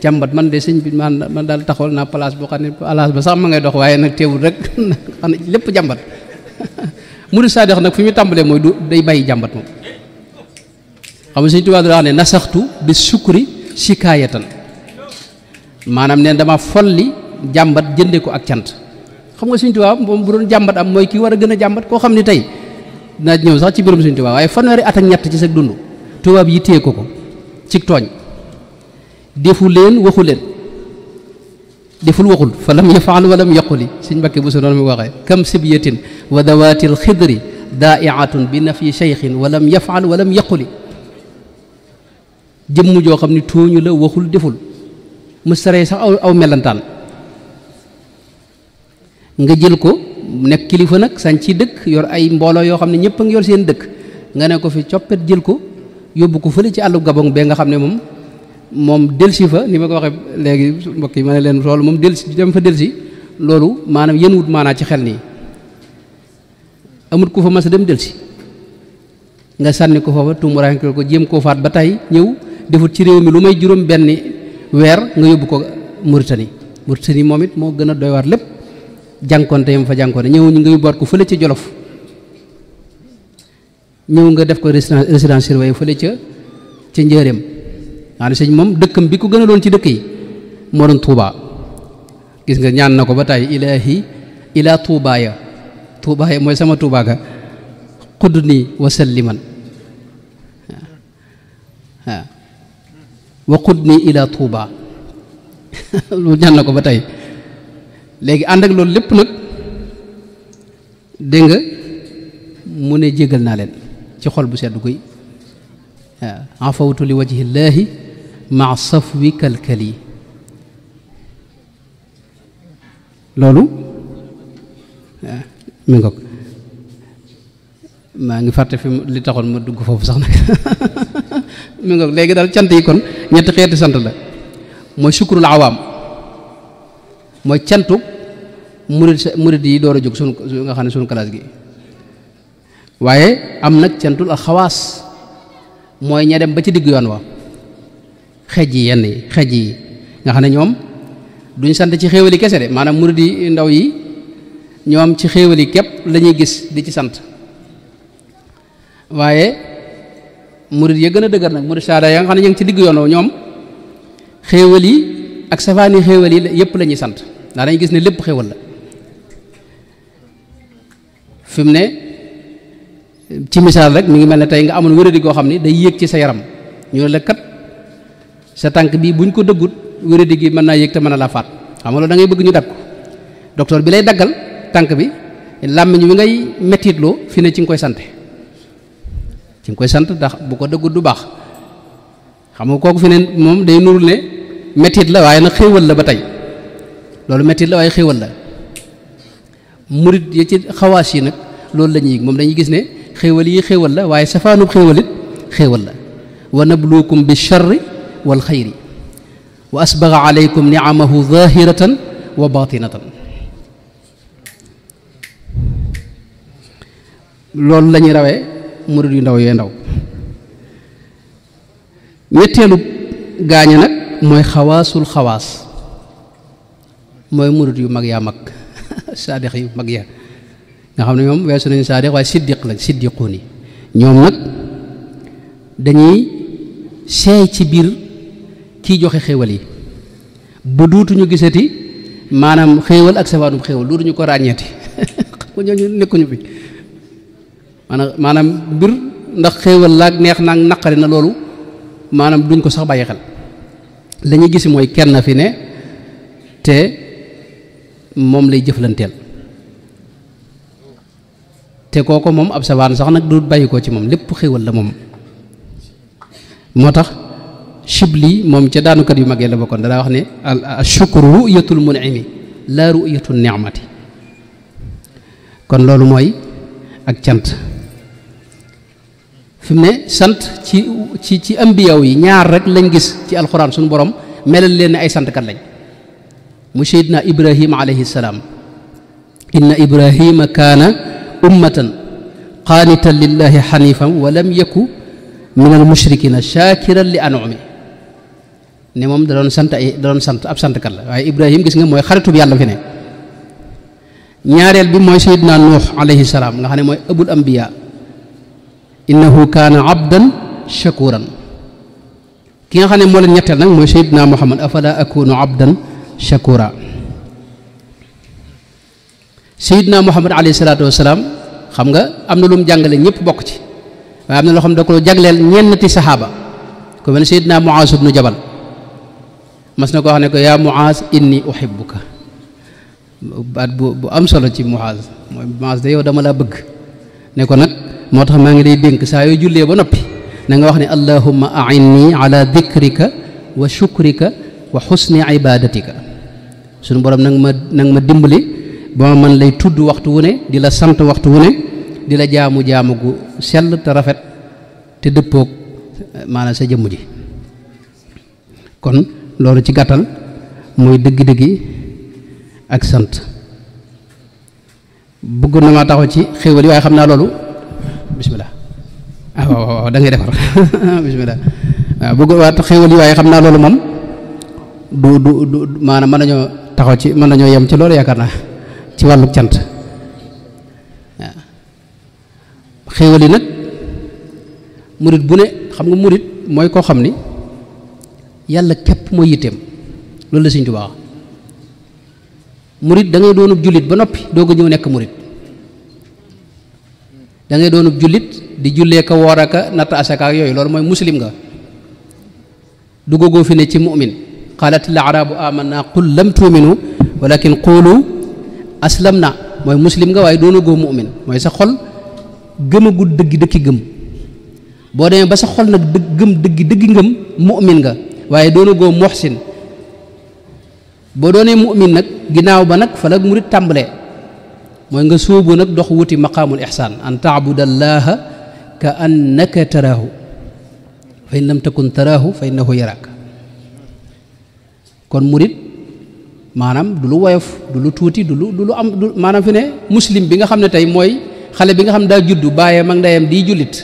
jàmbat man de sëñ bi man man daal taxawal naa place boo xam ne place ba sax ma ngay dox waaye nag teewul rek xam ne lépp jàmbat murid saadix nag fi ñu tàmbalee mooy du day bàyyi jàmbat moom xam nga sëñ Tuubaa daa wax ne nasaxtu bi sukri shikaayatan maanaam neen dama folli jàmbat jënde ko ak cant xam nga Sëñ Tuubaa moom bu doon jàmbat am mooy kii war a gën a jàmbat koo xam ni tey naa ñëw sax ci mbirum Sëñ Tuubaa waaye fanweeri at ñett ci sa dund tubaab yi téye ko ko ci tooñ defu leen waxu leen deful waxul fa lam yafaal wa lam yaquli Sëñ Mbakke bu su noonu mu waxee kam sibyatin wa dawaatil xidri daaiatun bi nafi cheykhin wa lam yafaal wa lam yaquli joo xam ni tooñu la waxul deful mu saree sax aw aw melantaan nga jël ko nekk kilifa nag sañ ciy dëkk yor ay mbooloo yoo xam ne ñëpp a ngi yor seen dëkk nga ne ko fi coppet jël ko yóbbu ko fële ci àllu gabon bee nga xam ne moom moom delsi fa ni ma ko waxee léegi mbokk yi ma ne leen loolu moom delsi dem fa delsi loolu maanaam yéen wut maanaa ci xel nii amut ku fa mas a dem delsi nga sànni ko foofa tumuraanke ko jéem koo faat ba tey ñëw defut ci réew mi lu may juróom benni weer nga yóbbu ko Mauritanie Mauritanie moom it moo gën a doy waar lépp jànkonte yam fa jànkonte ñëw ñu nga yóbbuwaat ko fële ca Jolof ñëw nga def ko résidence résidence surveillée fële ca ca njëreem maanaam sëñ moom dëkkam bi ko gën a doon ci dëkk yi moo doon Touba gis nga ñaan na ko ba tàyyi ilaahi ilaa tuubaaya ya mooy sama Touba ga xudd nii wasalliman waqudni ila tuuba lu ñaan na ko ba tey léegi ànd ak loolu lépp nag dégg nga mu ne jégal naa leen ci xol bu sedd guy waaw afawtu li wajhillaahi maa safwi kalkali loolu mu ngoog maa ngi fàtte fi li taxoon ma dugg foofu sax nag mi ngoog léegi daal cant yi kon ñett xeeti sant la mooy sukurul awaam mooy cantu murid murid yi door a jóg suñ nga xam ne suñu classe gi waaye am nag cantul ak xawaas mooy ña dem ba ci digg yoon wa xej yi yenn yi xej yi nga xam ne ñoom duñ sant ci xéewal yi kese de maanaam murid yi ndaw yi ñoom ci xéewal yi képp lañuy gis di ci sant waaye murid ya gën a dëgër nag murid saada ya nga xam ne ñu ngi ci digg yoon ñoom xéewal yi ak safaani xéewal yi yëpp lañuy sant ndax dañu gis ne lépp xéewal la fi ne ci misaal rek mu ngi mel ne tey nga amoon wéradi goo xam ne day yéeg ci sa yaram ñu ne sa tànk bi buñ ko dëggut wéradi gi mën naa yéeg te mën na laa faat xam dangay bëgg ñu dagg ko docteur bi lay daggal tànk bi làmmiñ wi ngay mettitloo fi ne ci nga koy sante ci nga koy sant ndax bu ko dëggut du baax xam nga kooku fi ne moom day nuru ne mettit la waaye nag xéewal la ba tey loolu mettit la waaye xéewal la murit ya ci xawaas yi nag loolu la ñuy moom dañuy gis ne xéewal yi xéewal la waaye safaanub xéewalit xéewal la wa nabluukum bi charri wal xayri wa asbaga aleykum niamahu zahiratan wa batinatan loolu la rawee murid yu ndaw yee ndaw ñetteelu gaañe nag mooy xawaasul xawaas mooy murid yu mag yaa mag saadix yu mag ya nga xam ne ñoom weesu nañu saadix waaye siddiq lañ siddiquun yi ñoom nag dañuy seey ci biir kiy joxe xéewal yi bu duutuñu gisati maanaam xéewal ak sawaanum xéewal duutuñu ko ràññeeti xam ñooñu nekkuñu fi maanaam maanaam mbir ndax xéewal laag neex na naqari na loolu maanaam duñ ko sax bàyyi xel lañuy ñuy mooy kenn fi ne te moom lay jëflanteel te kooko moom ab sawaan sax nag du bàyyi ko ci moom lépp xéewal la moom moo tax chibli moom ca daanukat yu mag yi la bokkoon danaa wax ne al shukru ruyatul munimi la ruyatul ni'mati kon loolu mooy ak cant fi ne sant ci ci ci ambiyaw yi ñaar rek lañ gis ci alxuraan suñu borom melal leen ne ay santkat lañ mu seydina ibrahima alayhi salaam inna ibrahima kaana ummatan qaanitan lillahi xanifan wa lam yaku min al mushrikina shaakiran li anumi ne moom da doon sant ay da doon sant ab santkat la waaye ibrahim gis nga mooy xaritub yàlla fi ne ñaareel bi mooy seydina nuux alayhi nga xam ne mooy abul ambiya innahu kaana abdan shakuran ki nga xam ne moo leen ñetteel nag mooy sayidna muhammad afala akunu abdan shakura sayidna muhammad alayhi salaatu wasalaam xam nga am na lu mu jàngale ñëpp bokk ci waaye am na loo xam ne da ko jagleel ñennti saxaaba ku mel ne sayidna muaas ibnu jabal mas na ko wax ne ko yaa muaas inni uhibbuka baat bu am solo ci muaas mooy de yow dama laa bëgg ne ko nag moo tax maa ngi lay dénk saa yoo jullee ba noppi na nga wax ne allahumma ainni ala dikrika wa shukrika wa xusni ibadatika suñu nag ma ma dimbali ba ma man lay tudd waxtu wu ne di sant waxtu wu ne di jaamu jaamu gu sell rafet te dëppoog maanaam sa jëmm ji kon loolu ci gàttal mooy dëgg ak sant bëgg na ma ci xéewal yi waaye xam naa loolu bisimilah ah waaw waaw da ngay defar bisimilah waaw ah, bëgg waat xéwal yi waaye xam naa loolu moom du du du maanaam mën nañoo taxaw ci mën nañoo yem ci loolu yaakaar naa ci wàllu cant waaw ah. xéwal yi nag murit bu ne xam nga murit mooy koo xam ni yàlla képp mooy yitteem loolu la Sëñ Tuubaa murit da ngay jullit ba noppi doog a ñëw nekk murit da ngay doonub jullit di jullee ka woor aka natt asaka yooyu loolu mooy muslim nga dugagoo fi ne ci mu'min qaalat al arabu amanna qul lam tuuminu walakin qulu aslamna mooy muslim nga waaye doonagoo mu'min mooy sa xol gëmagul dëgg dëkki gëm boo demee ba sa xol nag dëgg gëm dëgg ngëm mu'min nga waaye doona doonagoo muhsin boo doonee mu'min nag ginnaaw ba nag fa la murit tàmbalee mooy nga sóobu nag dox wuti maqaamul ixsaan an taabudallaha ka annaka taraahu fa in lam takun taraahu fa innahu yarak kon murit maanaam du lu woyof du lu tuuti du lu du lu am maanaam fi ne muslim bi nga xam ne tey mooy xale bi nga xam daa juddu baayam ak ndeyam di jullit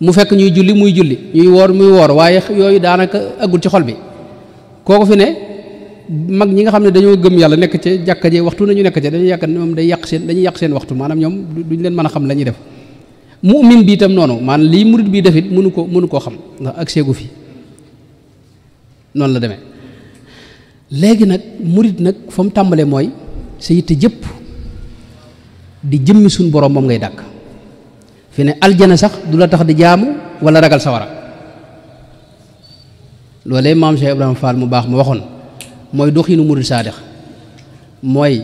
mu fekk ñuy julli muy julli ñuy woor muy woor waaye yooyu daanaka aggul ci xol bi kooku fi ne mag ñi nga xam ne dañoo gëm yàlla nekk ca jàkka jee waxtu nañu nekk ca dañuy yàq moom day yàq seen yàq seen waxtu maanaam ñoom duñ leen mën a xam la ñuy def mu'min bi itam noonu maanaam lii murit bi defit mënu ko mënu koo xam ndax ak seegu fi noonu la deme léegi nag murit nag fa mu tàmbalee mooy sa yitte jëpp di jëmmi suñ borom moom ngay dàkk fi ne aljana sax du la tax di jaamu wala ragal sawara loolee maam Cheikh Ibrahima Fall mu baax ma waxoon mooy doxiinu saa dex mooy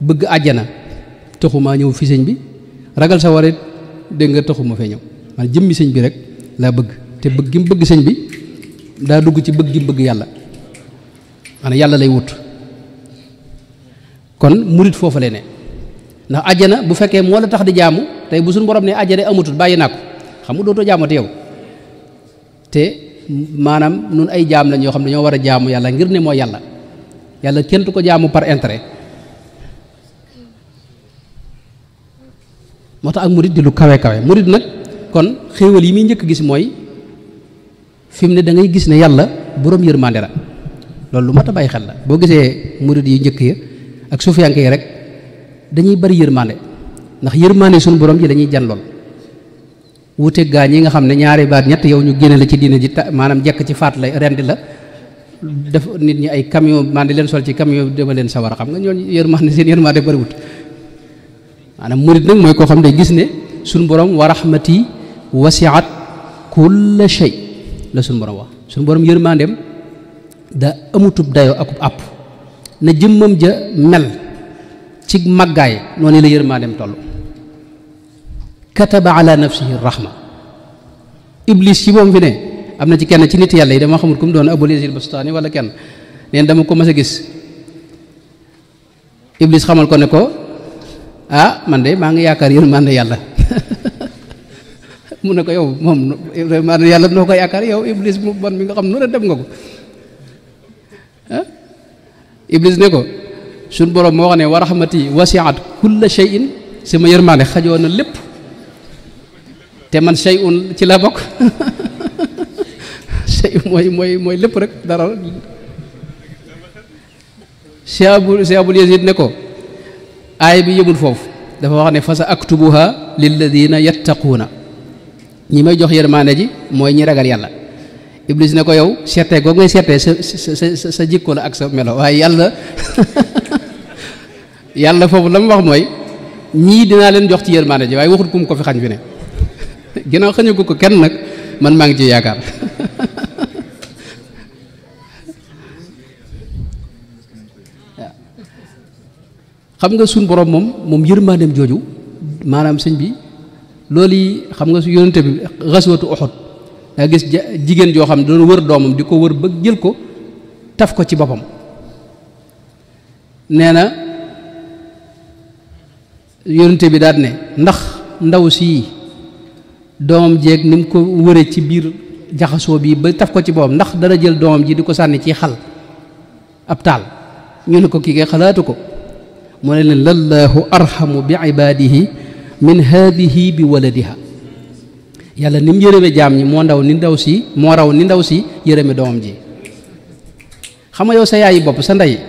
bëgg àjjana taxumaa ñëw fi sëñ bi ragal sa warit dégg nga taxuma fee ñëw man jëmmi sëñ bi rek laa bëgg te bëgg gi bëgg sëñ bi daa dugg ci bëgg gi bëgg yàlla maanaam yàlla lay wut kon murit foofa lay ne ndax àjjana bu fekkee moo la tax di jaamu tey bu suñu borom ne àjjana amatul bàyyi naa ko xam nga dootoo jaamati yow te maanaam nun ay jaam lañ yoo xam ne ñoo war a jaamu yàlla ngir ne mooy yàlla yàlla kenn tu ko jaamu par intérêt moo tax ak murid di lu kawe kawe murid nag kon xéewal yi muy njëkk gis mooy fi mu ne da ngay gis ne yàlla borom yërmande la loolu lu mat a bàyyi xel la boo gisee murid yi njëkk ya ak suufiyanke yi rek dañuy bari yërmande ndax yërmande suñu borom ji dañuy jan lool wute gaa ñi nga xam ne ñaari baat ñett yow ñu génne la ci diine ji maanaam jekk ci faat la rendi la def nit ñi ay camion man leen sol ci camion dema leen sawar xam nga ñooñu yërmande seen yërmande bariwut maanaam murit nag mooy koo xam ne gis ne suñu borom wa rahmati wasiat kulla shay la suñu borom wax suñu borom yërmandeem da amutub dayoo akub àpp na jëmmam ja mel ci màggaay noonu la yërmandeem toll kataba ala nafsihi rahma iblis ci moom fi ne am na ci kenn ci nit yàlla yi dama xamul ku doon abul yasil bastaani wala kenn neen dama ko mas a gis iblis xamal ko ne ko ah man de maa ngi yaakaar yéen man yàlla mun ne ko yow moom man yàlla noo ko yaakaar yow iblis mu bon mi nga xam ne dem nga ko ah? iblis ne ko suñ boroom moo wax ne wa rahmati wasiat kulla shay'in sama yërmaande xajoo na lépp te man shay un ci laa bokk shay mooy mooy mooy lépp rek dara Cheikh Abou Cheikh Abou Yazid ne ko aay bi yëmul foofu dafa wax ne fa sa aktubuha lilladina yattaquuna ñi may jox yërmaane ji mooy ñi ragal yàlla iblis ne ko yow seetee googu ngay seetee sa sa sa jikko la ak sa melo waaye yàlla yàlla foofu la mu wax mooy ñii dinaa leen jox ci yërmaane ji waaye waxut kum ko fi xañ fi ne ginnaaw xëñagu ko kenn nag man maa ngi ci yaakaar xam nga suñ borom moom moom yërmaandeem jooju maanaam sëñ bi loolu yi xam nga su yonente bi xaswatu Uhud daa gis jigéen joo xam ne doon wër doomam di ko wër ba jël ko taf ko ci boppam nee na yonente bi daal ne ndax ndaw sii doomam jeeg ni mu ko wëre ci biir jaxasoo bi ba taf ko ci boppam ndax dana jël doomam ji di ko sànni ci xal ab taal ñu ne ko kii kay xalaatu ko mu ne leen lallaahu arhamu bi ibaadihi min haadihi bi waladiha yàlla ni mu yërëme jaam ñi moo ndaw ni ndaw si moo raw ni ndaw si yërëme doomam ji xam nga yow sa yaayi bopp sa ndey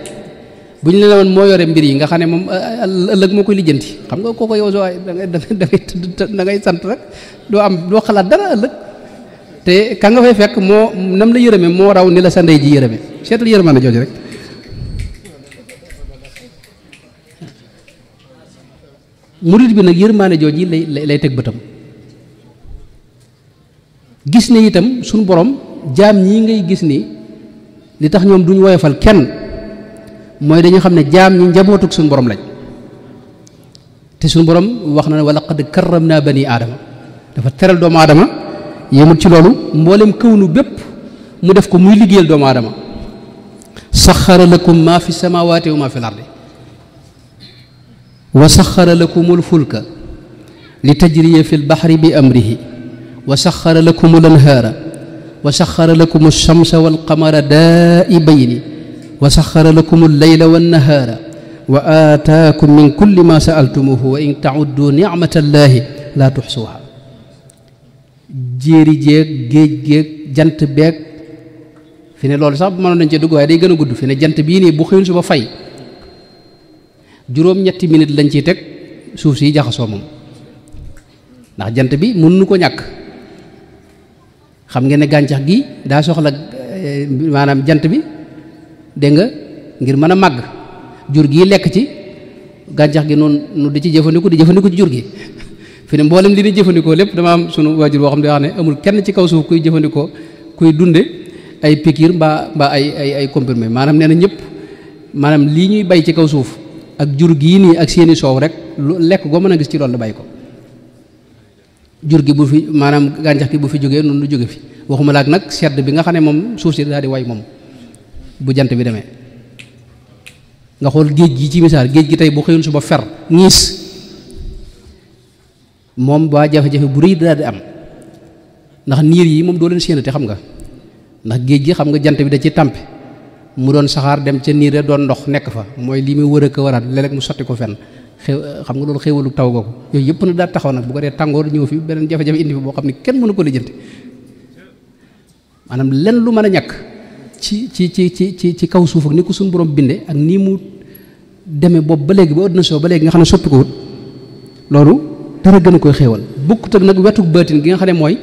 bu ñu la woon moo yore mbir yi nga xam ne moom euh, ëllëg moo koy lijjanti xam nga kooko yow soo da ngay da sant rek doo am doo xalaat dara ëllëg te ka nga fay fekk moo nam la yërëme moo raw ni la sa ndey ji yërëme seetal yërëma na jooju rek murid bi nag yërmaane jooji lay lay teg bëtam gis ne itam suñu borom jaam ñi ngay gis ni li tax ñoom duñ woyofal kenn mooy dañu xam ne jaam ñi njabootug suñu borom lañ te suñu borom wax na ne wa laqad karram naa bani aadama dafa teral doomu aadama yemut ci loolu mboolem kawnu bépp mu def ko muy liggéeyal doomu aadama saxara lakum maa fi samawaati wa maa fi lardi wa saxara lakum alfulka li tajriya fi lbaxri bi amrihi wa saxara lakum alanhaara wa saxara lakum alchamsa walqamara daa'ibayni wa saxara lakum alleyla wannahaara wa aataakum min kulli ma saaltumuhu wa in tauddu nicmatallahi laa tuxsuuha jéeri jéeg géej beeg fi ne loolu sax mënoon nañ cee day gën a gudd fi jant bii nii bu xëyul suba fay juróom-ñetti lañ ciy teg suuf si jaxasoo moom ndax jant bi mën nu ko ñàkk xam ngeen ne gàncax gi daa soxla maanaam jant bi dégg nga ngir mën a màgg jur gii lekk ci gàncax gi noonu nu di ci jëfandikoo di jëfandiku ci jur gi fi ne mboolem li ñuy jëfandikoo lépp dama am sunu waajur boo xam ne wax ne amul kenn ci kaw suuf kuy jëfandikoo kuy dunde ay piqûre mbaa mbaa ay ay ay comprimé maanaam nee na ñëpp maanaam lii ñuy bay ci kaw suuf ak jur gii nii ak seeni soow rek lu lekk goo mën a gis ci loolu la bay ko jur gi bu fi maanaam gàncax gi bu fi jógee noonu lu jóge fi waxuma laak nag sedd bi nga xam ne moom suuf si daal way moom bu jant bi demee nga xool géej gi ci misaal géej gi tey bu xëyoon suba fer ñiis moom waa jafe-jafe bu rëy daal di am ndax niir yi moom doo leen séenate xam nga ndax géej gi xam nga jant bi da ci tàmpe mu doon saxaar dem ca niir doon ndox nekk fa mooy li muy wër a ko waraat léeg mu sotti ko fen xew xam nga loolu xéwalu taw googu yooyu yëpp na daal taxaw nag bu ko dee tàngoor ñëw fi beneen jafe-jafe indi boo xam ne kenn mënu ko lijjanti maanaam lenn lu mën a ñàkk ci ci ci ci ci ci kaw suuf ak ni ko suñu borom binde ak nii mu demee boobu ba léegi ba soo ba léegi nga xam ne soppi ko wut loolu dara gën a koy xéewal bukkut ak nag wetu bëtin gi nga xam ne mooy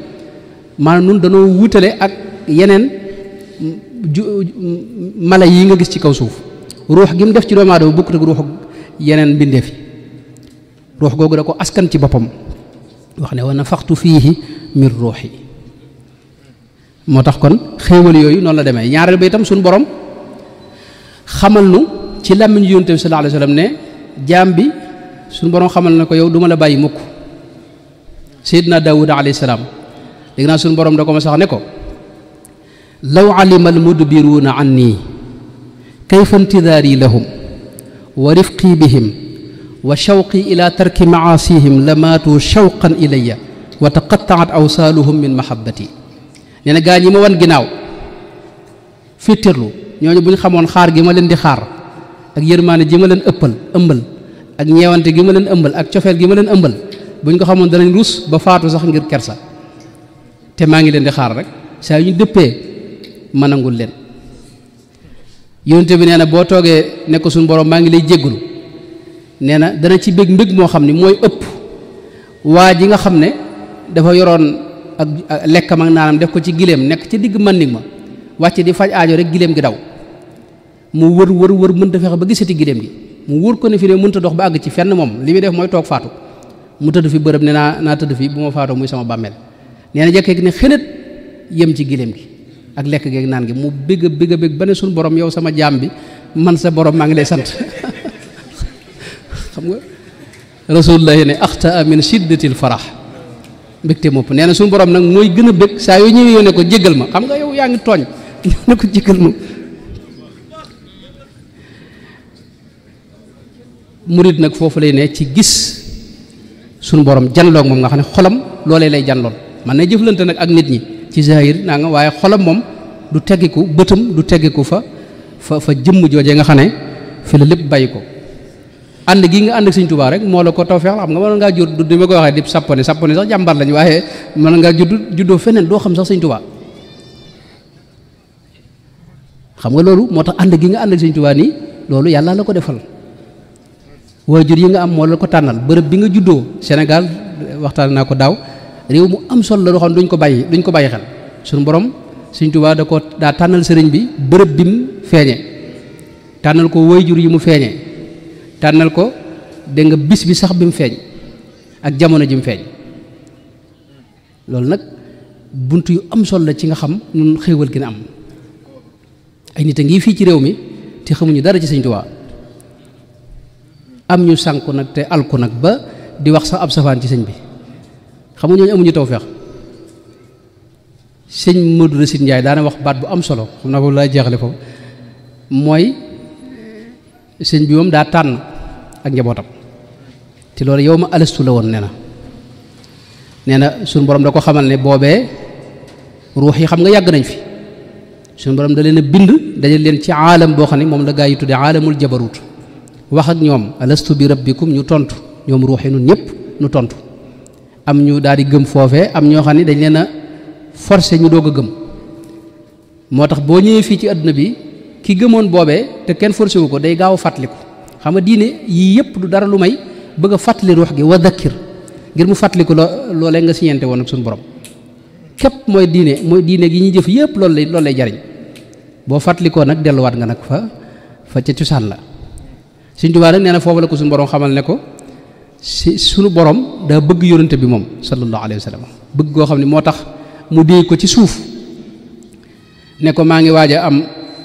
maanaam nun danoo wutale ak yeneen mala yi nga gis ci kaw suuf ruux gi mu def ci doomu aadama bukkut ak ruux yeneen bindeef yi ruux googu da ko askan ci boppam wax ne wa nafaxtu fiihi min yi moo tax kon xéewal yooyu noonu la demee ñaareel ba itam suñu borom xamal nu ci làmmiñu yonent bi sallallahu alayhi wa sallam ne jaam bi suñu borom xamal na ko yow duma la bàyyi mukk sayyidina Daawuda alayhi salaam dégg naa suñu borom da ko ma sax ne ko law alima almudbiruuna anni kayfa intidaari lahum wa rifqi bihim wa shawqi ila tarki maasihim la maatu shawqan ilayya wa taqattaat awsaaluhum min mahabbati nee na gaa ñi ma wan ginnaaw féetéerlu ñooñu bu ñu xamoon xaar gi ma leen di xaar ak yërmaane ji ma leen ëppal ëmbal ak ñeewante gi ma leen ëmbal ak cofeel gi ma leen ëmbal bu ñu ko xamoon danañ rus ba faatu sax ngir kersa te maa ngi leen di xaar rek saa yu ñu dëppee ma nangul leen yonente bi nee na boo toogee ne suñu boroom maa ngi lay jéggulu nee na dana ci bég mbég moo xam ne mooy ëpp waa ji nga xam ne dafa yoroon ak lekkam ak naanam def ko ci gileem nekk ci digg màndig ma wàcc di faj aajo rek gileem gi daw mu wër wër wër mënta fexe ba gisati gileem gi mu wër ko ne fi ne mënta dox ba àgg ci fenn moom li muy def mooy toog faatu mu tëdd fi bërëb ne naa naa tëdd fi bu ma faatoo muy sama bàmmeel nee na jekkee ne xënat yem ci gileem gi ak lekk geeg naan gi mu bëgg a bëgg a bëgg ba ne suñu borom yow sama jaam bi man sa borom maa ngi lay sant xam nga rasulullahi ne axtaa min shiddatil farax mbégte mopp nee na suñu borom nag mooy gën a bég saa yoo ñëwee yow ne ko jéggal ma xam nga yow yaa ngi tooñ ne ko jéggal ma murit nag foofu lay ne ci gis suñu boroom janloog moom nga xam ne xolam loole lay janlool man na jëflante nag ak nit ñi ci zahir naa nga waaye xolam moom du teggiku bëtam du teggiku fa fa fa jëmm joojee nga xam ne fi la lépp bàyyi ko ànd gi nga ànd ak sëñ Tuubaa rek moo la ko taw feex la xam nga mën ngaa jur du ma ko waxee di sappone sappone sax jàmbar lañu waaye mën ngaa judd juddoo feneen doo xam sax sëñ Tuubaa xam nga loolu moo tax ànd gi nga ànd ak sëñ Tuubaa nii loolu yàllaa la ko defal jur yi nga am moo la ko tànnal bërëb bi nga juddoo senegal waxtaan naa ko daaw réew mu am solo la loo xam duñ ko bàyyi duñ ko bàyyi xel suñu borom sëñ Tuubaa da ko daa tànnal sëriñ bi bërëb bi mu feeñee tànnal ko waajur yi mu feeñee tànnal ko dégg nga bis bi sax bi mu feeñ ak jamono ji mu feeñ loolu nag bunt yu am solo la ci nga xam ñun xéewal gi na am ay nit a ngi fii ci réew mi te xamuñu dara ci Sëñ Tuubaa am ñu sànku nag te alku nag ba di wax sax ab safaan ci sëñ bi xam nga ñooñu amuñu tawfeex sëñ Modou Racine Ndiaye daana wax baat bu am solo xam naa ko laa jeexale foofu mooy sëñ bi moom daa tànn ak njabootam te loolu yow ma alastu la woon ne na nee na suñu borom da ko xamal ne boobee ruux yi xam nga yàgg nañ fi suñu borom da leen bind dajal leen ci aalam boo xam ne moom la gaa yi tuddee aalamul jabarut wax ak ñoom alastu bi bi rabbikum ñu tontu ñoom ruux yi nun ñëpp nu tontu am ñu daal di gëm foofee am ñoo xam ne dañ leen a forcé ñu doog a gëm moo tax boo ñëwee fii ci àdduna bi ki gëmoon boobee te kenn forcé wu ko day gaaw fàttaliku xam nga diine yii yëpp du dara lu may bëgg a fàttali ruux gi wa dakkir ngir mu fàttaliku loo loolee nga siñente woon ak suñu borom képp mooy diine mooy diine gi ñuy jëf yëpp loolu lay loolu lay jariñ boo fàttalikoo nag delluwaat nga nag fa fa ca cosaan la suñ tubaa nag nee na foofu la ko suñu borom xamal ne ko si sunu boroom daa bëgg yónante bi moom sallallahu alayhi wa sallam bëgg ne moo tax mu ko ci suuf ne ko maa ngi waaj am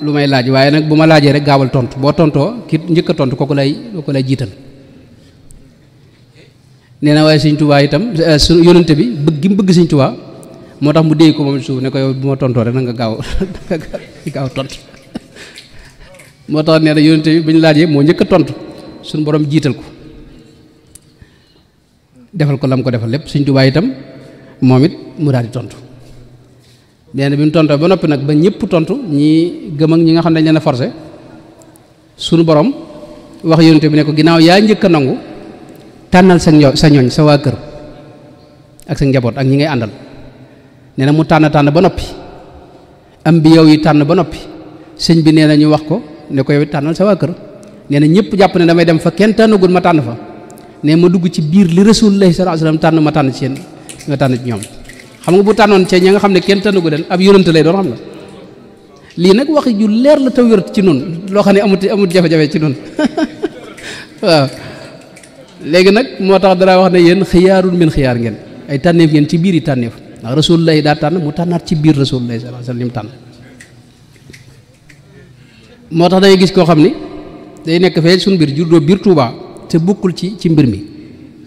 lu may laaj waaye nag bu ma laajee rek gaawal tontu boo tontoo ki njëkk a tontu kooku lay kooku lay jiital nee na waaye sëñ Tuubaa itam eh, su yónnante bi bëgg gi mu bëgg sëñ moo tax mu déy ko moom suuf ne ko tontoo rek na nga gaaw gaaw moo tax nee na yónnante bi bu ñu laajee moo njëkk a tontu suñu borom jiital ko defal ko lam ko defal lépp sëñ Tuubaa itam moom it mu di tontu. nee na bi mu tontoo ba noppi nag ba ñëpp tontu ñii gëm ñi nga xam ne dañ leen a forcé sunu borom wax yonent bi ne ko ginnaaw yaa njëkk a nangu tànnal sa ño sa ñooñ sa waa kër ak sa njaboot ak ñi ngay àndal nee na mu tànn tànn ba noppi am bi yow yi tànn ba noppi sëñ bi nee na ñu wax ko ne ko yow tànnal sa waa kër nee na ñëpp jàpp ne damay dem fa kenn tànn tànnagul ma tànn fa ne ma dugg ci biir li Rasulullah sallallahu alayhi tànn ma tànn ci yéen tànn ci ñoom xam nga bu tànnoon ca ña nga xam ne kenn tànnu ko den ab yonent lay doon xam nga lii nag wax ju leer la te wér ci noonu loo xam ne amut amut jafe-jafe ci noonu waaw léegi nag moo tax danaa wax ne yenn xiyaarul min xiyaar ngeen ay tànneef ngeen ci biir yi tànneef ndax rasulullah daa tànn mu tànnaat ci biir rasulullah sallallahu alayhi li mu tànn moo tax dangay gis koo xam ni day nekk fee sunu biir juddoo biir Tuubaa te bokkul ci ci mbir mi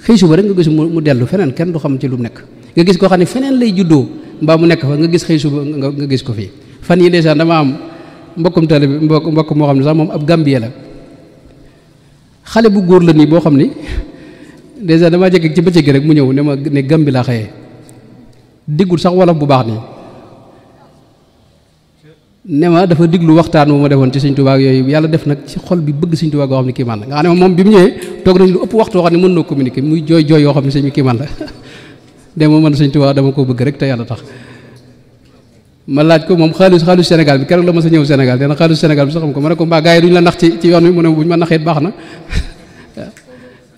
xëy suba rek nga gis mu dellu feneen kenn du xam ci lu mu nekk nga gis koo xam ne feneen lay juddoo mbaa mu nekk fa nga gis xëy suba nga gis ko fii fan yi ndeysaan dama am mbokkum tali bi mbokk mbokk moo xam ne sax moom ab Gambie bu góor la nii boo xam ni dèjà damaa jekk ci bëccëg rek mu ñëw ne ma ne Gambie laa xëyee diggul sax wolof bu baax nii ne ma dafa diglu waxtaan wu ma defoon ci xol bi bëgg Sëñ Tuubaa goo xam ne kii man la nga mu ñëwee toog nañ lu ëpp waxtu xam ne mën noo communiquer muy jooy jooy yoo xam ne sëñ bi kii man la dama mën sëñ Tuubaa dama ko bëgg rek te yàlla tax ma laaj ko moom xaalis xaalis Sénégal bi keroog la ma sa ñëw Sénégal dana xaalis Sénégal bi sax xam ko ma ne ko mbaa gars yi duñ la nax ci ci yoon wi mu ne buñ ma naxee baax na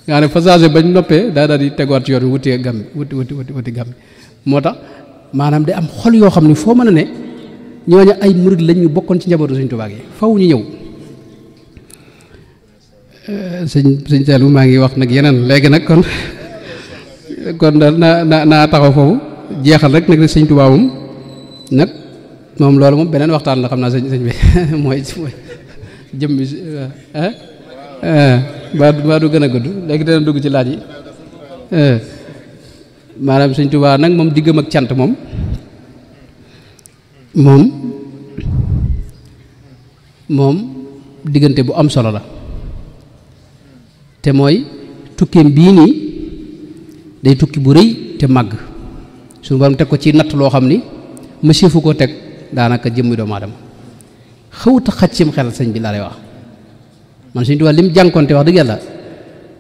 nga ne fasage bañ noppee daa daal di tegoot ci yoon wi wuti gam wuti wuti wuti wuti gam moo tax maanaam de am xol yoo xam ne foo mën a ne ñooñu ay murid lañ ñu bokkoon ci njabootu sëñ Tuubaa gi faw ñu ñëw eh, sëñ sëñ Saliou maa ngi wax nag yeneen léegi nag kon daal naa naa taxaw foofu jeexal rek nag sëñ Tuubaa moom nag moom loolu moom beneen waxtaan la xam naa sëñ sëñ bi mooy mooy jëm bi ah, ah, ba gën a gudd léegi dana dugg ci laaj yi ah, maanaam sëñ Tuubaa nag moom diggam ak cant moom moom moom diggante bu am solo la te mooy tukkeem bii nii day tukki bu rëy te màgg suñu borom teg ko ci natt loo xam ni monsieur fu ko teg daanaka jëmmi doomu aadama xawut a xaj sim xel sëñ bi laa lay wax man Sëñ Tuubaa li mu jànkonte wax dëgg yàlla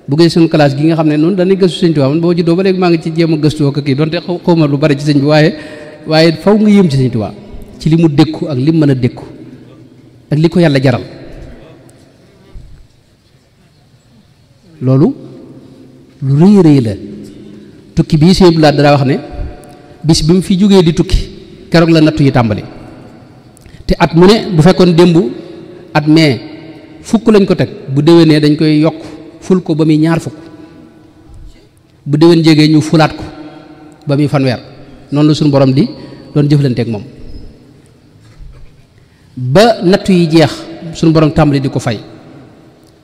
bu gee suñu gi nga xam ne noonu dañuy gëstu Sëñ Tuubaa man boo juddoo ba léegi maa ngi ci jéem a gëstu ak kii donte xaw ma lu bari ci sëñ bi waaye waaye faw nga yëm ci Sëñ Tuubaa ci li mu dékku ak li mu mën a dékku ak li ko yàlla jaral loolu lu tukki bii sëñ Abdoulaye dara wax ne bis bi mu fi jógee di tukki keroog la nattu yi tàmbali te at mu ne bu fekkoon démb at mee fukk lañ ko teg bu déwénee dañ koy yokk ful ko ba muy ñaar fukk bu déwén jégee ñu fulaat ko ba muy fanweer noonu la suñu borom di doon jëflanteek moom ba nattu yi jeex suñu borom tàmbali di ko fay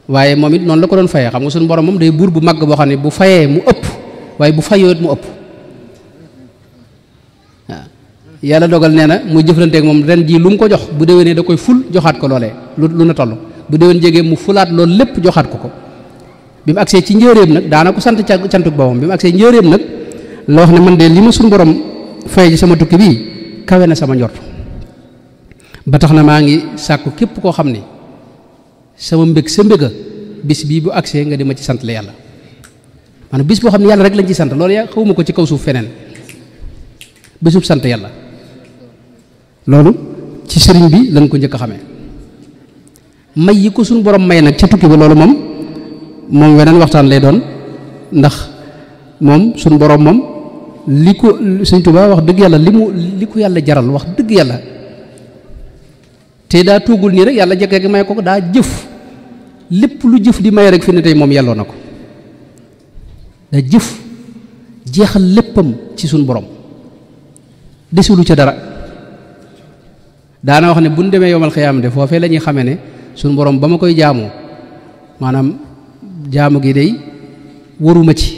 waaye moom it noonu la ko doon fayee xam nga suñu borom moom day buur bu mag boo xam ne bu fayee mu ëpp waaye bu fayoot mu ëpp waaw yàlla dogal nee na muy jëfalanteek moom ren jii lu mu ko jox bu déwénee da koy ful joxaat ko loolee lu lu na toll bu déwén jegee mu fulaat lool lépp joxaat ko ko bi mu agsee ci njëréem nag daana ko sant ca cantuk boppam bi mu agsee njëréem nag la wax ne man de li ma suñ borom fay ci sama tukki bii kawe na sama njort ba tax na maa ngi sàkku képp koo xam ne sama mbég sa mbéga bis bii bu agsee nga di ma ci sant la yàlla maanaam bis boo xam ne yàlla rek lañ ci sant loolu yaa xawuma ko ci kaw suuf feneen bisub sant yàlla loolu ci sëriñ bi lañ ko njëkk a xamee may yi ko suñu borom may nag ci tukki bi loolu moom moom weneen waxtaan lay doon ndax moom suñu borom moom li ko Sëriñ Tuubaa wax dëgg yàlla li mu li ko yàlla jaral wax dëgg yàlla te daa toogul nii rek yàlla jëkkee gi may ko daa jëf lépp lu jëf di may rek fi ne tey moom yàlloo na ko daa jëf jeexal léppam ci suñ borom desulu ca dara daana wax ne bu buñ demee yomal xiyaam de foofee lañuy xame ne suñ borom ba ma koy jaamoo maanaam jaamu gi day waruma ci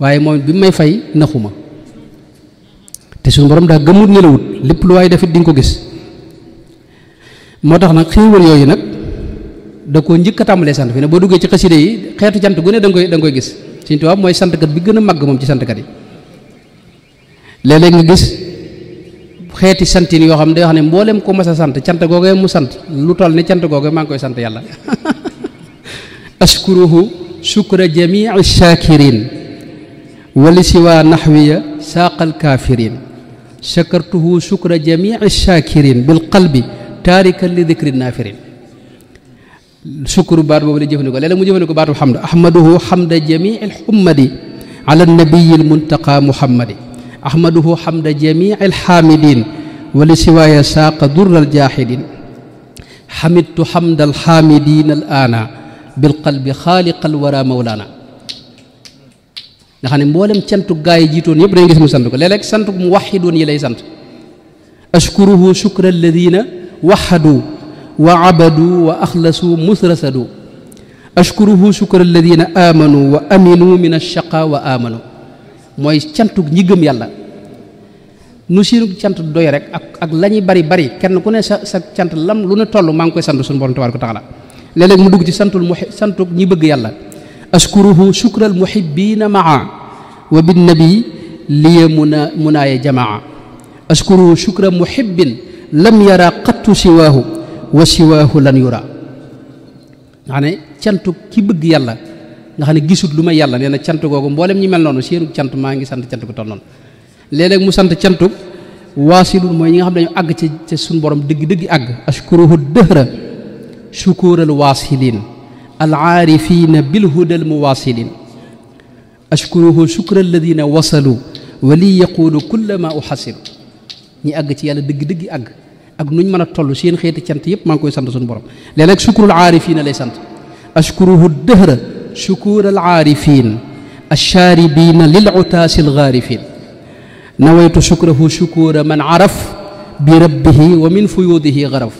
waaye moom bi may fay naxuma te suñu borom daa gëmut nelawut lépp lu waaye dafit di nga ko gis moo tax nag xéewal yooyu nag da koo njëkk a tàmbalee sant fi ne boo duggee ci xaside yi xeetu jant gu ne danga koy da nga koy gis Sëñ Tuubaa mooy santkat bi gën a màgg moom ci santkat yi léeg nga gis xeeti santin yoo xam ne day wax ne mboolem ko mas sant cant googee mu sant lu toll ne cant googee maa ngi koy sant yàlla ashkuruhu shukra jamii shakirin wali siwa naxwiya saaqal kaafirin shakartuhu shukra jamii shakirin bil qalbi taarikan li naafirin sukuru baat boobu la jëfandikoo léeg-léeg mu jëfandikoo baatu xamda ahmaduhu xamda jamii alxummadi ala nabiyi almuntaqa muhammadi ahmaduhu alwara mawlaana nga xam ne cantu gaa yi jiitoon yëpp dañu gis mu sant ko léeg mu waxidoon yi lay sant ashkuruhu shukra alladina waxadu wa abadu wa axlasu musrasadu ashkuruhu shukra alladina amanu wa aminu min alchaqa wa amanu mooy cantu ñi gëm yàlla nu siinu cant doy rek ak ak la bari bari kenn ku ne sa sa cant lam lu ne toll maa ngi koy sant suñu borom tabaaraka taala léeg mu dugg ci santul mu santuk ñi bëgg yàlla ashkuruhu shukra al muhibbina ma wa bin nabi liya muna munaaye jamaa ashkuruhu shukra muhibbin lam yara qattu siwaahu wa siwaahu lan yura nga xam ne cantu ki bëgg yàlla nga xam ne gisut lu ma yàlla nee na cant googu mboolem ñi mel noonu seenu cant maa ngi sant cant ko toll noonu léeg mu sant cantu waasilul mooy ñi nga xam ne dañu àgg ci ci suñu borom dëgg-dëgg àgg ashkuruhu dëhra shukuural waasilin al aarifina bil hudal muwaasilin ashkuruhu shukra alladina wasalu wa li yaquulu kullama uxasilu ñi àgg ci yàlla dëgg-dëgg àgg ak ñu mën a toll seen xeeti cant yëpp maa ngi koy sant suñu borom léeg-léeg sukurul aarifiina lay sant ashkuruhu dëhra sukural aarifiin ashaaribiina lil utaasi algaarifiin nawaytu sukrahu sukura man araf bi rabbihi wa min fuyuudihi garaf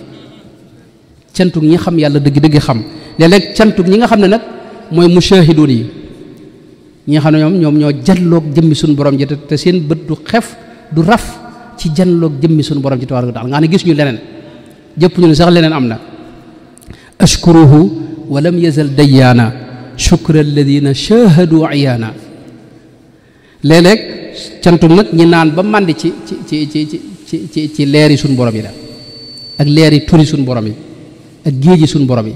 cantug ñi xam yàlla dëgg-dëgg xam léeg-léeg ñi nga xam ne nag mooy mushaahiduun yi ñi nga xam ne ñoom ñoom ñoo jalloog jëmmi suñu borom ji te seen bët du xef du raf ci janloog jëmmi suñu borom ci tabaaraka wa taala nga ne gis ñu leneen jëpp ñu ne sax leneen am na ashkuruhu wa lam yazal dayyaana shukra alladina shahadu ayaana léeg-léeg cantum nag ñi naan ba màndi ci ci ci ci ci ci ci leeri suñu borom yi la ak leeri turi suñu borom yi ak géeji suñu borom yi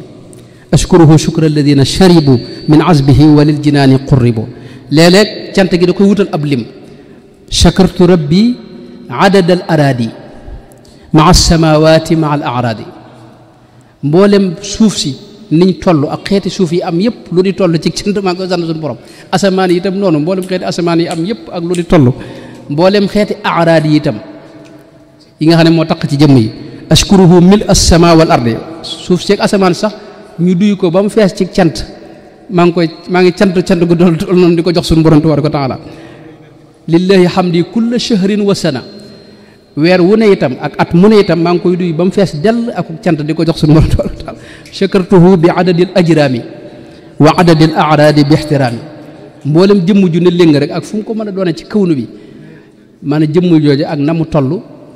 ashkuruhu shukra alladina sharibu min azbihi wa liljinaani qurribu léeg-léeg cant gi da koy wutal ab lim shakartu rabbi adad al araadi ma alsamawati maa al araadi mboolem suuf si niñ toll ak xeeti suuf yi am yëpp lu di toll ci cant maa ngi koy sant suñu borom asamaan yi itam noonu mboolem xeeti asamaan yi am yëpp ak lu di toll mboolem xeeti araad yi tam yi nga xam ne moo taq ci jëmm yi ashkuruhu mil assamaa wal ardi suuf seeg asamaan sax ñu duy ko ba mu fees ci cant maa ngi koy maa ngi cant cant gu doon noonu di ko jox sunu borom tabaaraka wa taala lillahi hamdi kulla shahrin wa sana weer wu ne itam ak at mu ne itam maa ngi koy duy ba mu fees dell ak cant di ko jox suñu borom tabaaraka wa taala chakartuhu bi adadil ajraami wa adadil araadi bi ixtiraami mboolem jëmm ju ne léng rek ak fu mu ko mën a doone ci kawnu bi maanaam jëmm jooju ak na mu toll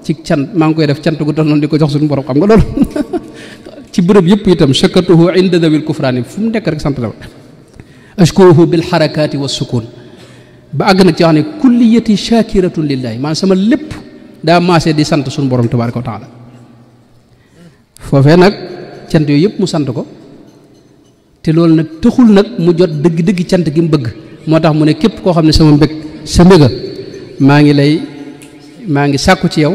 ci cant maa ngi koy def cant gu toll noonu di ko jox suñu borom xam nga loolu ci bërëb yëpp itam chakartuhu inda dawil kufraani fu mu nekk rek sant la ashkuruhu bil xarakaati wa sukuun ba àgg nag ci wax ne kulliyati shakiratun lillahi maanaam sama lépp daa maase di sant suñu borom tabaaraka wa taala foofee nag cant yooyu yëpp mu sant ko te loolu nag tëxul nag mu jot dëgg-dëgg cant gi mu bëgg moo tax mu ne képp koo xam ne sama mbëgg sa mbëgga maa ngi lay maa ngi sàkku ci yow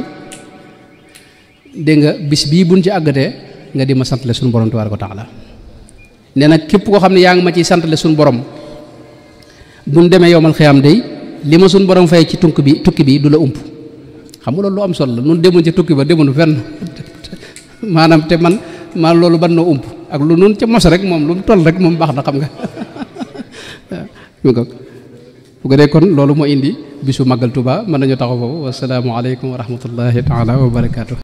dégg nga bis bii buñ ci àggatee nga di ma santale suñu borom ko wa la nee nag képp koo xam ne yaa ngi ma ciy santale suñu borom buñ demee yowmal xiyaam day li ma suñu borom fay ci tunk bi tukki bi du la ump xam nga loolu lu am solo la noonu demoon ca tukki ba demoon fenn maanaam te man man loolu ban noo ump ak lu noonu ca mos rek moom lu mu toll rek moom baax na xam nga waaw bu ko dee kon loolu moo indi bisu màggal Tuuba mën nañu taxaw foofu wasalaamualeykum wa rahmatullahi taala wa barakaatu.